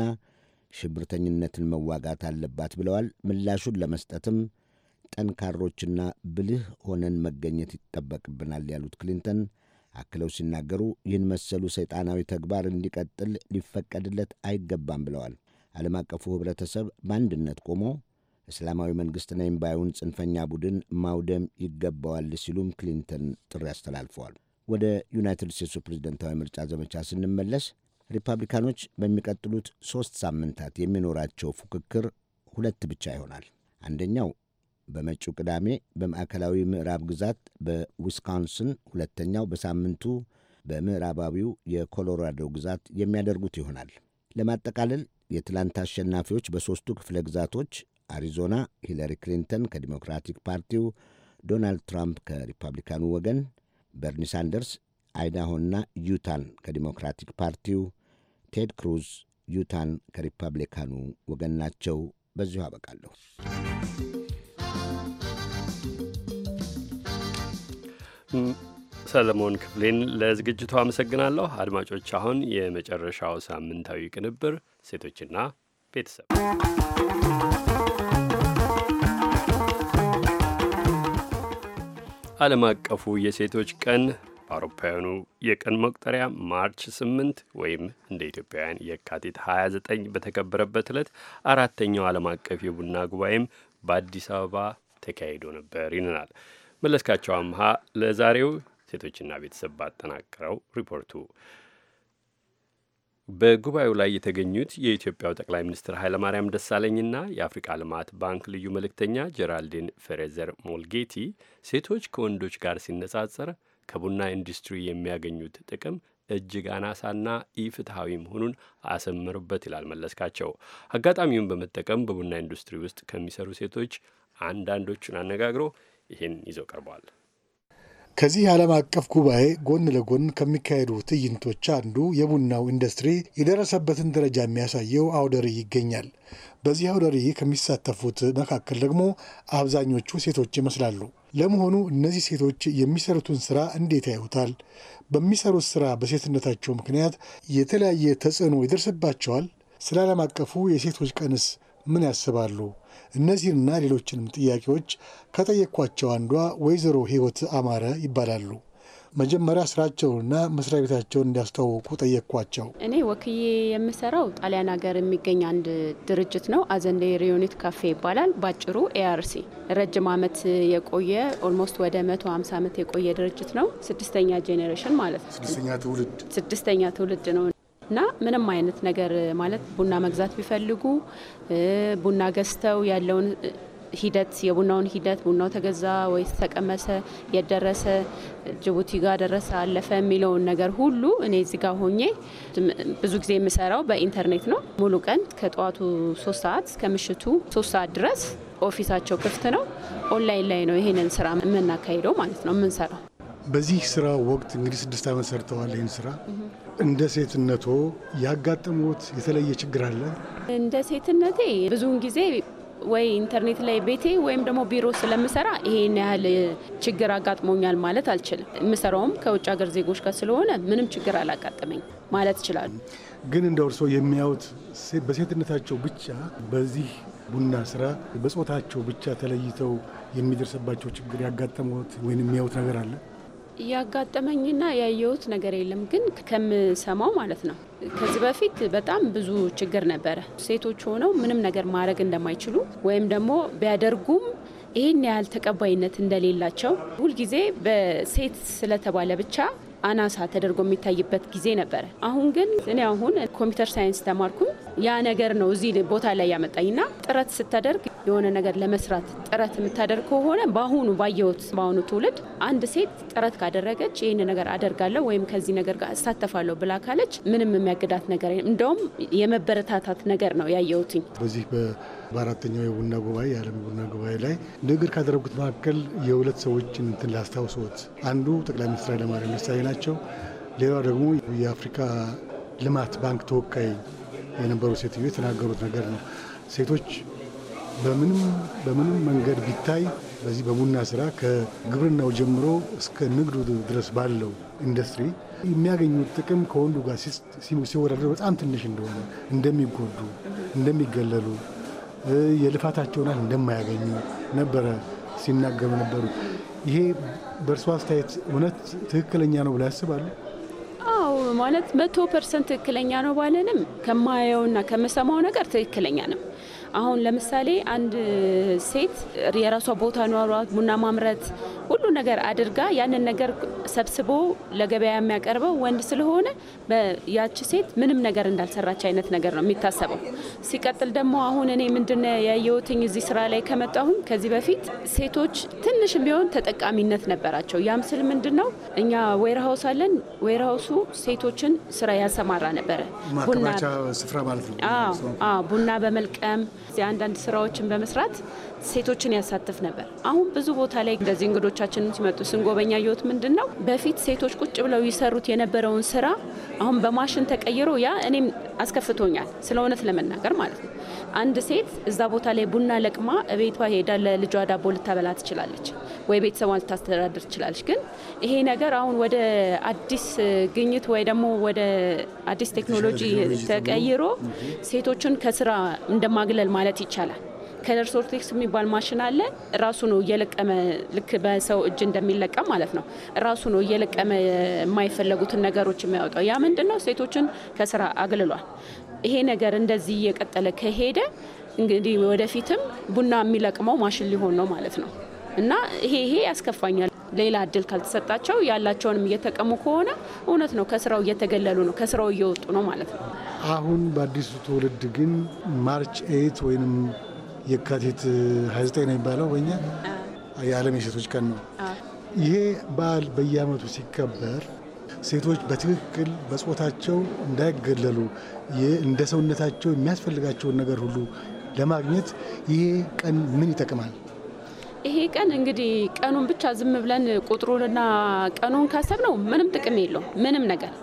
ሽብርተኝነትን መዋጋት አለባት ብለዋል። ምላሹን ለመስጠትም ጠንካሮችና ብልህ ሆነን መገኘት ይጠበቅብናል ያሉት ክሊንተን አክለው ሲናገሩ ይህን መሰሉ ሰይጣናዊ ተግባር እንዲቀጥል ሊፈቀድለት አይገባም ብለዋል። ዓለም አቀፉ ኅብረተሰብ በአንድነት ቆሞ እስላማዊ መንግሥት ነኝ ባዩን ጽንፈኛ ቡድን ማውደም ይገባዋል ሲሉም ክሊንተን ጥሪ አስተላልፈዋል። ወደ ዩናይትድ ስቴትሱ ፕሬዝደንታዊ ምርጫ ዘመቻ ስንመለስ ሪፐብሊካኖች በሚቀጥሉት ሦስት ሳምንታት የሚኖራቸው ፉክክር ሁለት ብቻ ይሆናል። አንደኛው በመጪው ቅዳሜ በማዕከላዊ ምዕራብ ግዛት በዊስኮንስን፣ ሁለተኛው በሳምንቱ በምዕራባዊው የኮሎራዶ ግዛት የሚያደርጉት ይሆናል። ለማጠቃለል የትላንት አሸናፊዎች በሦስቱ ክፍለ ግዛቶች አሪዞና ሂለሪ ክሊንተን ከዲሞክራቲክ ፓርቲው፣ ዶናልድ ትራምፕ ከሪፐብሊካኑ ወገን፣ በርኒ ሳንደርስ አይዳሆና ዩታን ከዲሞክራቲክ ፓርቲው፣ ቴድ ክሩዝ ዩታን ከሪፐብሊካኑ ወገን ናቸው። በዚሁ አበቃለሁ። ሰለሞን ክፍሌን ለዝግጅቱ አመሰግናለሁ። አድማጮች፣ አሁን የመጨረሻው ሳምንታዊ ቅንብር ሴቶችና ቤተሰብ ዓለም አቀፉ የሴቶች ቀን በአውሮፓውያኑ የቀን መቁጠሪያ ማርች 8 ወይም እንደ ኢትዮጵያውያን የካቲት 29 በተከበረበት ዕለት አራተኛው ዓለም አቀፍ የቡና ጉባኤም በአዲስ አበባ ተካሂዶ ነበር ይልናል። መለስካቸው አምሃ ለዛሬው ሴቶችና ቤተሰብ ባጠናቀረው ሪፖርቱ በጉባኤው ላይ የተገኙት የኢትዮጵያው ጠቅላይ ሚኒስትር ኃይለማርያም ደሳለኝና የአፍሪቃ ልማት ባንክ ልዩ መልእክተኛ ጀራልዲን ፌሬዘር ሞልጌቲ ሴቶች ከወንዶች ጋር ሲነጻጸር ከቡና ኢንዱስትሪ የሚያገኙት ጥቅም እጅግ አናሳና ኢፍትሐዊ መሆኑን አሰምሩበት ይላል መለስካቸው። አጋጣሚውን በመጠቀም በቡና ኢንዱስትሪ ውስጥ ከሚሰሩ ሴቶች አንዳንዶቹን አነጋግሮ ይህን ይዞ ቀርበዋል። ከዚህ ዓለም አቀፍ ጉባኤ ጎን ለጎን ከሚካሄዱ ትዕይንቶች አንዱ የቡናው ኢንዱስትሪ የደረሰበትን ደረጃ የሚያሳየው አውደ ርዕይ ይገኛል። በዚህ አውደ ርዕይ ከሚሳተፉት መካከል ደግሞ አብዛኞቹ ሴቶች ይመስላሉ። ለመሆኑ እነዚህ ሴቶች የሚሰሩትን ስራ እንዴት ያዩታል? በሚሰሩት ስራ በሴትነታቸው ምክንያት የተለያየ ተጽዕኖ ይደርስባቸዋል? ስለ ዓለም አቀፉ የሴቶች ቀንስ ምን ያስባሉ? እነዚህንና ሌሎችንም ጥያቄዎች ከጠየኳቸው አንዷ ወይዘሮ ህይወት አማረ ይባላሉ። መጀመሪያ ስራቸውንና መስሪያ ቤታቸውን እንዲያስተዋውቁ ጠየቅኳቸው። እኔ ወክዬ የምሰራው ጣሊያን ሀገር የሚገኝ አንድ ድርጅት ነው። አዘንዴ ሪዩኒት ካፌ ይባላል ባጭሩ ኤአርሲ። ረጅም ዓመት የቆየ ኦልሞስት ወደ 150 ዓመት የቆየ ድርጅት ነው። ስድስተኛ ጄኔሬሽን ማለት ነው። ስድስተኛ ትውልድ ነው። እና ምንም አይነት ነገር ማለት ቡና መግዛት ቢፈልጉ ቡና ገዝተው ያለውን ሂደት የቡናውን ሂደት ቡናው ተገዛ ወይስ ተቀመሰ፣ የደረሰ ጅቡቲ ጋር ደረሰ አለፈ የሚለውን ነገር ሁሉ እኔ እዚህ ጋር ሆኜ ብዙ ጊዜ የምሰራው በኢንተርኔት ነው። ሙሉ ቀን ከጠዋቱ ሶስት ሰዓት እስከ ምሽቱ ሶስት ሰዓት ድረስ ኦፊሳቸው ክፍት ነው። ኦንላይን ላይ ነው ይሄንን ስራ የምናካሄደው ማለት ነው የምንሰራው። በዚህ ስራ ወቅት እንግዲህ ስድስት ዓመት ሰርተዋል ይህን ስራ እንደ ሴትነቶ ያጋጠሙት የተለየ ችግር አለ? እንደ ሴትነቴ ብዙውን ጊዜ ወይ ኢንተርኔት ላይ ቤቴ ወይም ደግሞ ቢሮ ስለምሰራ ይሄን ያህል ችግር አጋጥሞኛል ማለት አልችልም። የምሰራውም ከውጭ ሀገር ዜጎች ጋር ስለሆነ ምንም ችግር አላጋጠመኝ ማለት ይችላሉ። ግን እንደ እርሶ የሚያዩት በሴትነታቸው ብቻ በዚህ ቡና ስራ በጾታቸው ብቻ ተለይተው የሚደርስባቸው ችግር ያጋጠሙት ወይም የሚያዩት ነገር አለ? ያጋጠመኝና ያየሁት ነገር የለም፣ ግን ከምሰማው ማለት ነው። ከዚህ በፊት በጣም ብዙ ችግር ነበረ። ሴቶች ሆነው ምንም ነገር ማድረግ እንደማይችሉ ወይም ደግሞ ቢያደርጉም ይህን ያህል ተቀባይነት እንደሌላቸው ሁልጊዜ በሴት ስለተባለ ብቻ አናሳ ተደርጎ የሚታይበት ጊዜ ነበረ። አሁን ግን እኔ አሁን ኮምፒውተር ሳይንስ ተማርኩኝ። ያ ነገር ነው እዚህ ቦታ ላይ ያመጣኝና ጥረት ስታደርግ የሆነ ነገር ለመስራት ጥረት የምታደርግ ከሆነ በአሁኑ ባየሁት በአሁኑ ትውልድ አንድ ሴት ጥረት ካደረገች ይህን ነገር አደርጋለሁ ወይም ከዚህ ነገር ጋር እሳተፋለሁ ብላ ካለች ምንም የሚያገዳት ነገር እንደውም የመበረታታት ነገር ነው ያየሁትኝ። በዚህ በአራተኛው የቡና ጉባኤ የዓለም ቡና ጉባኤ ላይ ንግግር ካደረጉት መካከል የሁለት ሰዎች እንትን ላስታውሰዎት፣ አንዱ ጠቅላይ ሚኒስትር ኃይለማርያም ደሳለኝ ናቸው። ሌላው ደግሞ የአፍሪካ ልማት ባንክ ተወካይ የነበሩ ሴትዮ የተናገሩት ነገር ነው። ሴቶች በምንም በምንም መንገድ ቢታይ በዚህ በቡና ስራ ከግብርናው ጀምሮ እስከ ንግዱ ድረስ ባለው ኢንዱስትሪ የሚያገኙት ጥቅም ከወንዱ ጋር ሲወዳደሩ በጣም ትንሽ እንደሆነ፣ እንደሚጎዱ፣ እንደሚገለሉ፣ የልፋታቸውን እንደማያገኙ ነበረ ሲናገሩ ነበሩ። ይሄ በእርሷ አስተያየት እውነት ትክክለኛ ነው ብላ ያስባሉ? አዎ ማለት መቶ ፐርሰንት ትክክለኛ ነው ባለንም ከማየውና ከምሰማው ነገር ትክክለኛ ነው። አሁን ለምሳሌ አንድ ሴት የራሷ ቦታ ኗሯት ቡና ማምረት ሁሉ ነገር አድርጋ ያንን ነገር ሰብስቦ ለገበያ የሚያቀርበው ወንድ ስለሆነ ያቺ ሴት ምንም ነገር እንዳልሰራች አይነት ነገር ነው የሚታሰበው። ሲቀጥል ደግሞ አሁን እኔ ምንድን ያየሁትኝ እዚህ ስራ ላይ ከመጣሁኝ ከዚህ በፊት ሴቶች ትንሽ ቢሆን ተጠቃሚነት ነበራቸው። ያም ስል ምንድን ነው እኛ ዌርሃውስ አለን። ዌርሃውሱ ሴቶችን ስራ ያሰማራ ነበረ። ቡና ስፍራ ማለት ነው። ቡና በመልቀም አንዳንድ ስራዎችን በመስራት ሴቶችን ያሳትፍ ነበር። አሁን ብዙ ቦታ ላይ እንደዚህ እንግዶቻችንን ሲመጡ ስንጎበኛ ህይወት ምንድን ነው በፊት ሴቶች ቁጭ ብለው ይሰሩት የነበረውን ስራ አሁን በማሽን ተቀይሮ ያ እኔም አስከፍቶኛል፣ ስለ እውነት ለመናገር ማለት ነው። አንድ ሴት እዛ ቦታ ላይ ቡና ለቅማ ቤቷ ሄዳ ለልጇ ዳቦ ልታበላ ትችላለች ወይ ቤተሰቧን ልታስተዳድር ትችላለች። ግን ይሄ ነገር አሁን ወደ አዲስ ግኝት ወይ ደግሞ ወደ አዲስ ቴክኖሎጂ ተቀይሮ ሴቶችን ከስራ እንደማግለል ማለት ይቻላል። ከለር ሶርቴክስ የሚባል ማሽን አለ። ራሱ ነው እየለቀመ ልክ በሰው እጅ እንደሚለቀም ማለት ነው። ራሱ ነው እየለቀመ የማይፈለጉትን ነገሮች የሚያወጣው። ያ ምንድን ነው ሴቶችን ከስራ አግልሏል። ይሄ ነገር እንደዚህ እየቀጠለ ከሄደ እንግዲህ ወደፊትም ቡና የሚለቅመው ማሽን ሊሆን ነው ማለት ነው። እና ይሄ ይሄ ያስከፋኛል። ሌላ እድል ካልተሰጣቸው ያላቸውንም እየተቀሙ ከሆነ እውነት ነው ከስራው እየተገለሉ ነው፣ ከስራው እየወጡ ነው ማለት ነው። አሁን በአዲሱ ትውልድ ግን ማርች ኤት ወይም የካቲት 29 ነው የሚባለው በኛ የዓለም የሴቶች ቀን ነው። ይሄ በዓል በየዓመቱ ሲከበር ሴቶች በትክክል በጾታቸው እንዳይገለሉ እንደ ሰውነታቸው የሚያስፈልጋቸውን ነገር ሁሉ ለማግኘት ይሄ ቀን ምን ይጠቅማል? ይሄ ቀን እንግዲህ ቀኑን ብቻ ዝም ብለን ቁጥሩንና ቀኑን ካሰብነው ምንም ጥቅም የለውም ምንም ነገር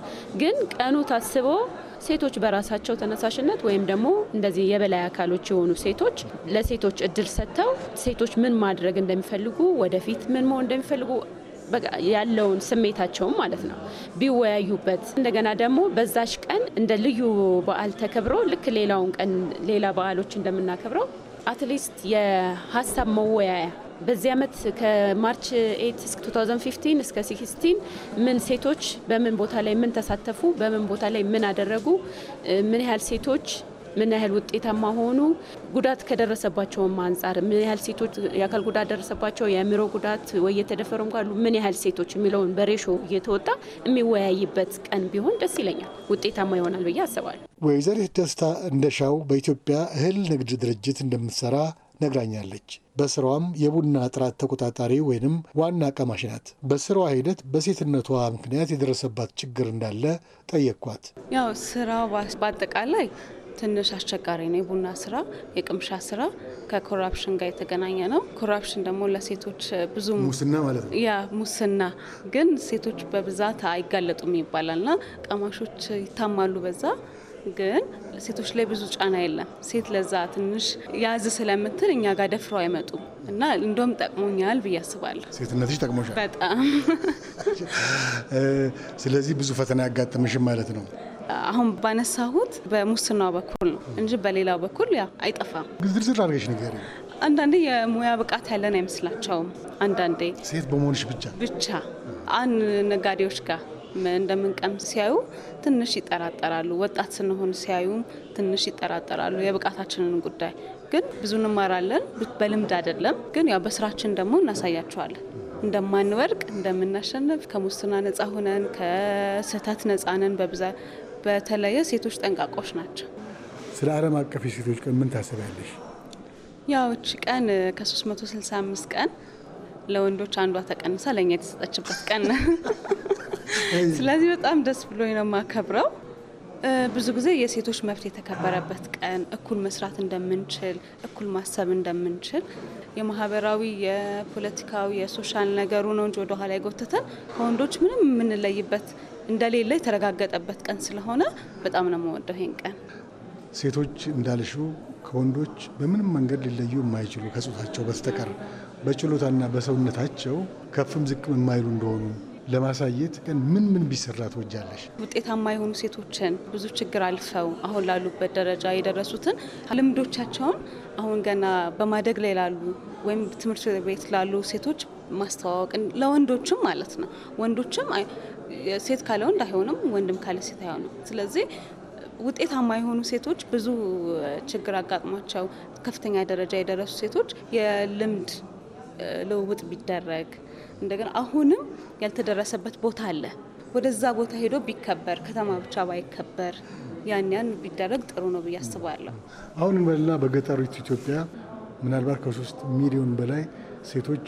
ግን ቀኑ ታስቦ ሴቶች በራሳቸው ተነሳሽነት ወይም ደግሞ እንደዚህ የበላይ አካሎች የሆኑ ሴቶች ለሴቶች እድል ሰጥተው ሴቶች ምን ማድረግ እንደሚፈልጉ ወደፊት ምን መሆን እንደሚፈልጉ ያለውን ስሜታቸውም ማለት ነው ቢወያዩበት፣ እንደገና ደግሞ በዛች ቀን እንደ ልዩ በዓል ተከብሮ ልክ ሌላውን ቀን ሌላ በዓሎች እንደምናከብረው አትሊስት የሀሳብ መወያያ በዚህ ዓመት ከማርች 8 2015 እስከ 16 ምን ሴቶች በምን ቦታ ላይ ምን ተሳተፉ፣ በምን ቦታ ላይ ምን አደረጉ፣ ምን ያህል ሴቶች ምን ያህል ውጤታማ ሆኑ፣ ጉዳት ከደረሰባቸውም አንጻር ምን ያህል ሴቶች የአካል ጉዳት ደረሰባቸው፣ የአእምሮ ጉዳት ወይ የተደፈሩም ካሉ ምን ያህል ሴቶች የሚለውን በሬሾ እየተወጣ የሚወያይበት ቀን ቢሆን ደስ ይለኛል። ውጤታማ ይሆናል ብዬ አስባለሁ። ወይዘሪት ደስታ እንደሻው በኢትዮጵያ እህል ንግድ ድርጅት እንደምትሰራ ነግራኛለች። በስራዋም የቡና ጥራት ተቆጣጣሪ ወይንም ዋና ቀማሽ ናት። በስራዋ ሂደት በሴትነቷ ምክንያት የደረሰባት ችግር እንዳለ ጠየቅኳት። ያው ስራው በአጠቃላይ ትንሽ አስቸጋሪ ነው። የቡና ስራ፣ የቅምሻ ስራ ከኮራፕሽን ጋር የተገናኘ ነው። ኮራፕሽን ደግሞ ለሴቶች ብዙ ሙስና ማለት ነው። ያ ሙስና ግን ሴቶች በብዛት አይጋለጡም ይባላልና ቀማሾች ይታማሉ በዛ ግን ሴቶች ላይ ብዙ ጫና የለም። ሴት ለዛ ትንሽ ያዝ ስለምትል እኛ ጋር ደፍረው አይመጡም እና እንደውም ጠቅሞኛል ብዬ አስባለሁ። ሴትነትሽ ጠቅሞሻል በጣም ስለዚህ ብዙ ፈተና ያጋጠምሽም ማለት ነው። አሁን ባነሳሁት በሙስናው በኩል ነው እንጂ በሌላው በኩል አይጠፋም። ዝርዝር አድርገሽ ንገሪ። አንዳንዴ የሙያ ብቃት ያለን አይመስላቸውም። አንዳንዴ ሴት በመሆንሽ ብቻ ብቻ አን ነጋዴዎች ጋር እንደምንቀምስ ሲያዩ ትንሽ ይጠራጠራሉ። ወጣት ስንሆን ሲያዩም ትንሽ ይጠራጠራሉ የብቃታችንን ጉዳይ። ግን ብዙ እንማራለን። በልምድ አይደለም ግን ያው በስራችን ደግሞ እናሳያቸዋለን እንደማንወርቅ እንደምናሸንፍ ከሙስና ነጻ ሁነን ከስህተት ነጻ ነን። በብዛት በተለየ ሴቶች ጠንቃቆች ናቸው። ስለ ዓለም አቀፍ የሴቶች ቀን ምን ታስቢያለሽ? ያው እቺ ቀን ከ365 ቀን ለወንዶች አንዷ ተቀንሳ ለእኛ የተሰጠችበት ቀን ስለዚህ በጣም ደስ ብሎ ነው የማከብረው። ብዙ ጊዜ የሴቶች መብት የተከበረበት ቀን፣ እኩል መስራት እንደምንችል፣ እኩል ማሰብ እንደምንችል የማህበራዊ የፖለቲካዊ የሶሻል ነገሩ ነው እንጂ ወደኋላ የጎተተን ከወንዶች ምንም የምንለይበት እንደሌለ የተረጋገጠበት ቀን ስለሆነ በጣም ነው መወደው ይህን ቀን። ሴቶች እንዳልሹ ከወንዶች በምንም መንገድ ሊለዩ የማይችሉ ከጾታቸው በስተቀር በችሎታና በሰውነታቸው ከፍም ዝቅም የማይሉ እንደሆኑ ለማሳየት ግን ምን ምን ቢሰራ ትወጃለሽ? ውጤታማ የሆኑ ሴቶችን ብዙ ችግር አልፈው አሁን ላሉበት ደረጃ የደረሱትን ልምዶቻቸውን አሁን ገና በማደግ ላይ ላሉ ወይም ትምህርት ቤት ላሉ ሴቶች ማስተዋወቅ ለወንዶችም ማለት ነው። ወንዶችም ሴት ካለ ወንድ አይሆንም፣ ወንድም ካለ ሴት አይሆንም። ስለዚህ ውጤታማ የሆኑ ሴቶች ብዙ ችግር አጋጥሟቸው ከፍተኛ ደረጃ የደረሱ ሴቶች የልምድ ልውውጥ ቢደረግ እንደገና አሁንም ያልተደረሰበት ቦታ አለ። ወደዛ ቦታ ሄዶ ቢከበር ከተማ ብቻ ባይከበር ያን ያን ቢደረግ ጥሩ ነው ብዬ አስባለሁ። አሁን በሌላ በገጠሪቱ ኢትዮጵያ ምናልባት ከሶስት ሚሊዮን በላይ ሴቶች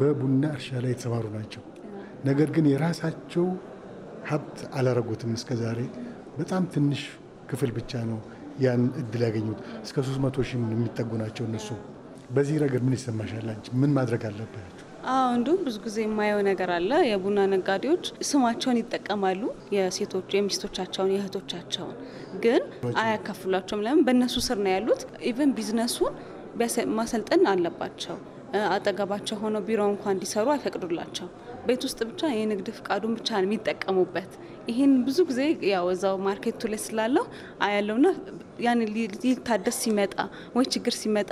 በቡና እርሻ ላይ የተሰማሩ ናቸው። ነገር ግን የራሳቸው ሀብት አላረጉትም እስከዛሬ በጣም ትንሽ ክፍል ብቻ ነው ያን እድል ያገኙት። እስከ 300 ሺህ የሚጠጉ ናቸው እነሱ። በዚህ ረገድ ምን ይሰማሻል? ምን ማድረግ አለባቸው? አዎ እንዲሁም ብዙ ጊዜ የማየው ነገር አለ። የቡና ነጋዴዎች ስማቸውን ይጠቀማሉ፣ የሴቶች የሚስቶቻቸውን፣ የእህቶቻቸውን ግን አያካፍሏቸውም። ለምን? በእነሱ ስር ነው ያሉት። ኢቨን ቢዝነሱን ማሰልጠን አለባቸው። አጠገባቸው ሆነው ቢሮ እንኳ እንዲሰሩ አይፈቅዱላቸው። ቤት ውስጥ ብቻ የንግድ ፍቃዱን ብቻ ነው የሚጠቀሙበት። ይሄን ብዙ ጊዜ ያው እዛው ማርኬቱ ላይ ስላለው አያለውና ያን ሊታደስ ሲመጣ ወይ ችግር ሲመጣ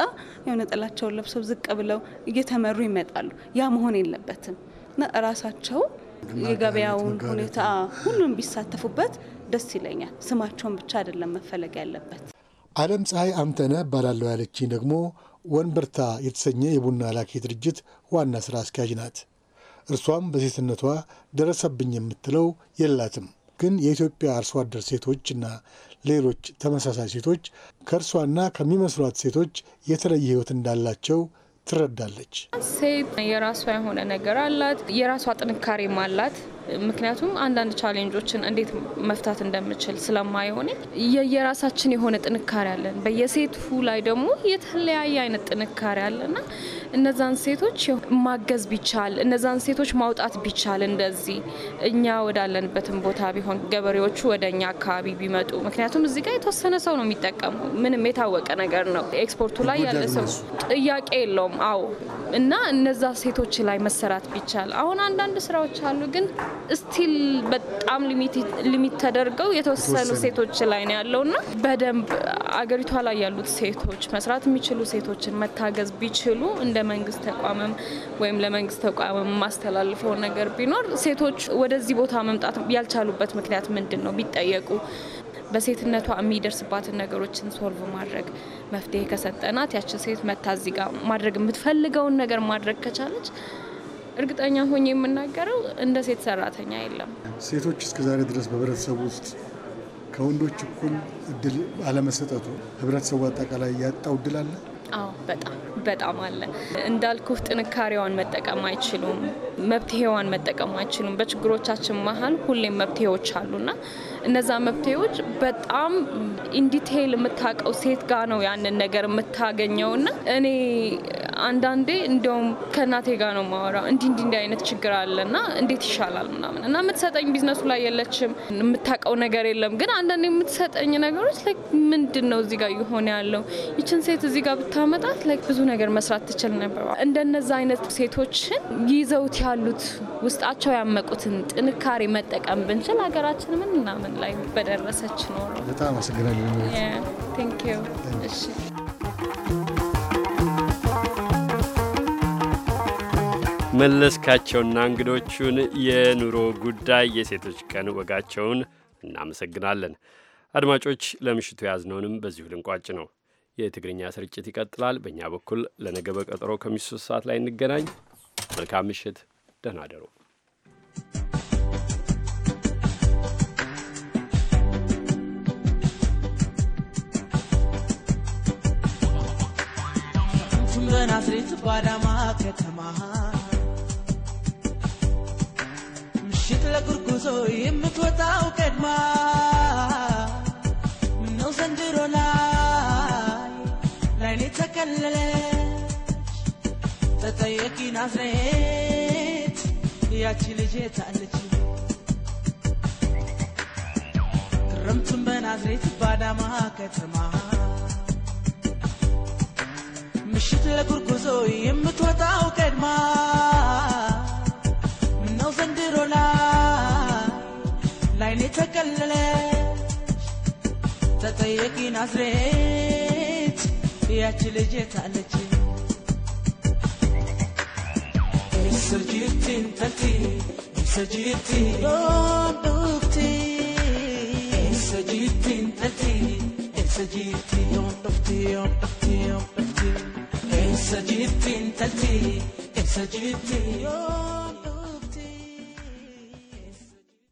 ያው ነጠላቸውን ለብሰው ዝቅ ብለው እየተመሩ ይመጣሉ። ያ መሆን የለበትም እና ራሳቸው የገበያውን ሁኔታ ሁሉም ቢሳተፉበት ደስ ይለኛል። ስማቸውን ብቻ አይደለም መፈለግ ያለበት። አለም ፀሐይ አምተነ እባላለሁ ያለችኝ ደግሞ ወንበርታ የተሰኘ የቡና ላኪ ድርጅት ዋና ስራ አስኪያጅ ናት። እርሷም በሴትነቷ ደረሰብኝ የምትለው የላትም። ግን የኢትዮጵያ አርሶ አደር ሴቶችና ሌሎች ተመሳሳይ ሴቶች ከእርሷና ከሚመስሏት ሴቶች የተለየ ህይወት እንዳላቸው ትረዳለች። ሴት የራሷ የሆነ ነገር አላት፣ የራሷ ጥንካሬም አላት። ምክንያቱም አንዳንድ ቻሌንጆችን እንዴት መፍታት እንደምችል ስለማይሆን የየራሳችን የሆነ ጥንካሬ አለን። በየሴቱ ላይ ደግሞ የተለያየ አይነት ጥንካሬ አለና እነዛን ሴቶች ማገዝ ቢቻል እነዛን ሴቶች ማውጣት ቢቻል እንደዚህ እኛ ወዳለንበትን ቦታ ቢሆን ገበሬዎቹ ወደ እኛ አካባቢ ቢመጡ፣ ምክንያቱም እዚህ ጋር የተወሰነ ሰው ነው የሚጠቀሙ። ምንም የታወቀ ነገር ነው። ኤክስፖርቱ ላይ ያለ ሰው ጥያቄ የለውም። አዎ እና እነዛ ሴቶች ላይ መሰራት ቢቻል አሁን አንዳንድ ስራዎች አሉ ግን ስቲል በጣም ሊሚት ተደርገው የተወሰኑ ሴቶች ላይ ነው ያለው እና በደንብ አገሪቷ ላይ ያሉት ሴቶች መስራት የሚችሉ ሴቶችን መታገዝ ቢችሉ እንደ መንግስት ተቋምም ወይም ለመንግስት ተቋምም የማስተላልፈው ነገር ቢኖር ሴቶች ወደዚህ ቦታ መምጣት ያልቻሉበት ምክንያት ምንድን ነው ቢጠየቁ በሴትነቷ የሚደርስባትን ነገሮችን ሶልቭ ማድረግ መፍትሄ ከሰጠናት ያችን ሴት መታዚጋ ማድረግ የምትፈልገውን ነገር ማድረግ ከቻለች እርግጠኛ ሆኜ የምናገረው እንደ ሴት ሰራተኛ የለም። ሴቶች እስከዛሬ ድረስ በህብረተሰቡ ውስጥ ከወንዶች እኩል እድል አለመሰጠቱ ህብረተሰቡ አጠቃላይ ያጣው እድል አለ። አዎ በጣም በጣም አለ። እንዳልኩህ ጥንካሬዋን መጠቀም አይችሉም፣ መብትሄዋን መጠቀም አይችሉም። በችግሮቻችን መሀል ሁሌም መብትሄዎች አሉና እነዛ መፍትሄዎች በጣም ኢንዲቴይል የምታውቀው ሴት ጋር ነው ያንን ነገር የምታገኘው። ና እኔ አንዳንዴ እንዲሁም ከእናቴ ጋር ነው ማወራው እንዲ እንዲ እንዲ አይነት ችግር አለ ና እንዴት ይሻላል ምናምን እና የምትሰጠኝ ቢዝነሱ ላይ የለችም፣ የምታውቀው ነገር የለም። ግን አንዳንዴ የምትሰጠኝ ነገሮች ላይ ምንድን ነው እዚህ ጋር እየሆነ ያለው ይችን ሴት እዚህ ጋር ብታመጣት ላይ ብዙ ነገር መስራት ትችል ነበር። እንደነዛ አይነት ሴቶችን ይዘውት ያሉት ውስጣቸው ያመቁትን ጥንካሬ መጠቀም ብንችል ሀገራችን ምን እናምን ቀን ላይ በደረሰች ነው። በጣም አመሰግናለሁ። እሺ መለስካቸውና እንግዶቹን የኑሮ ጉዳይ የሴቶች ቀን ወጋቸውን እናመሰግናለን። አድማጮች ለምሽቱ ያዝነውንም በዚሁ ልንቋጭ ነው። የትግርኛ ስርጭት ይቀጥላል። በእኛ በኩል ለነገ በቀጠሮ ከምሽቱ ሰዓት ላይ እንገናኝ። መልካም ምሽት፣ ደህና አደሩ። በናዝሬት ባዳማ ከተማ ምሽት ለጉርጉዞ የምትወጣው ቀድማ ምነው ዘንድሮ ላይ ላይኔ ተከለለች ተጠየቂ ናዝሬት ያቺ ልጄ ታለች ክረምቱን በናዝሬት ባዳማ ከተማ ምሽት ለጉርጉዞ የምትወጣው ቀድማ ምነው ዘንድሮ ላይኔ ተቀለለ ተጠየቂ ናዝሬት ያቺ ልጅ የታለች سجيتي انتلتي سجيتي دون دفتي سجيتي انتلتي سجيتي يوم دفتي يوم دفتي يوم دفتي ibsa jibbiin taltii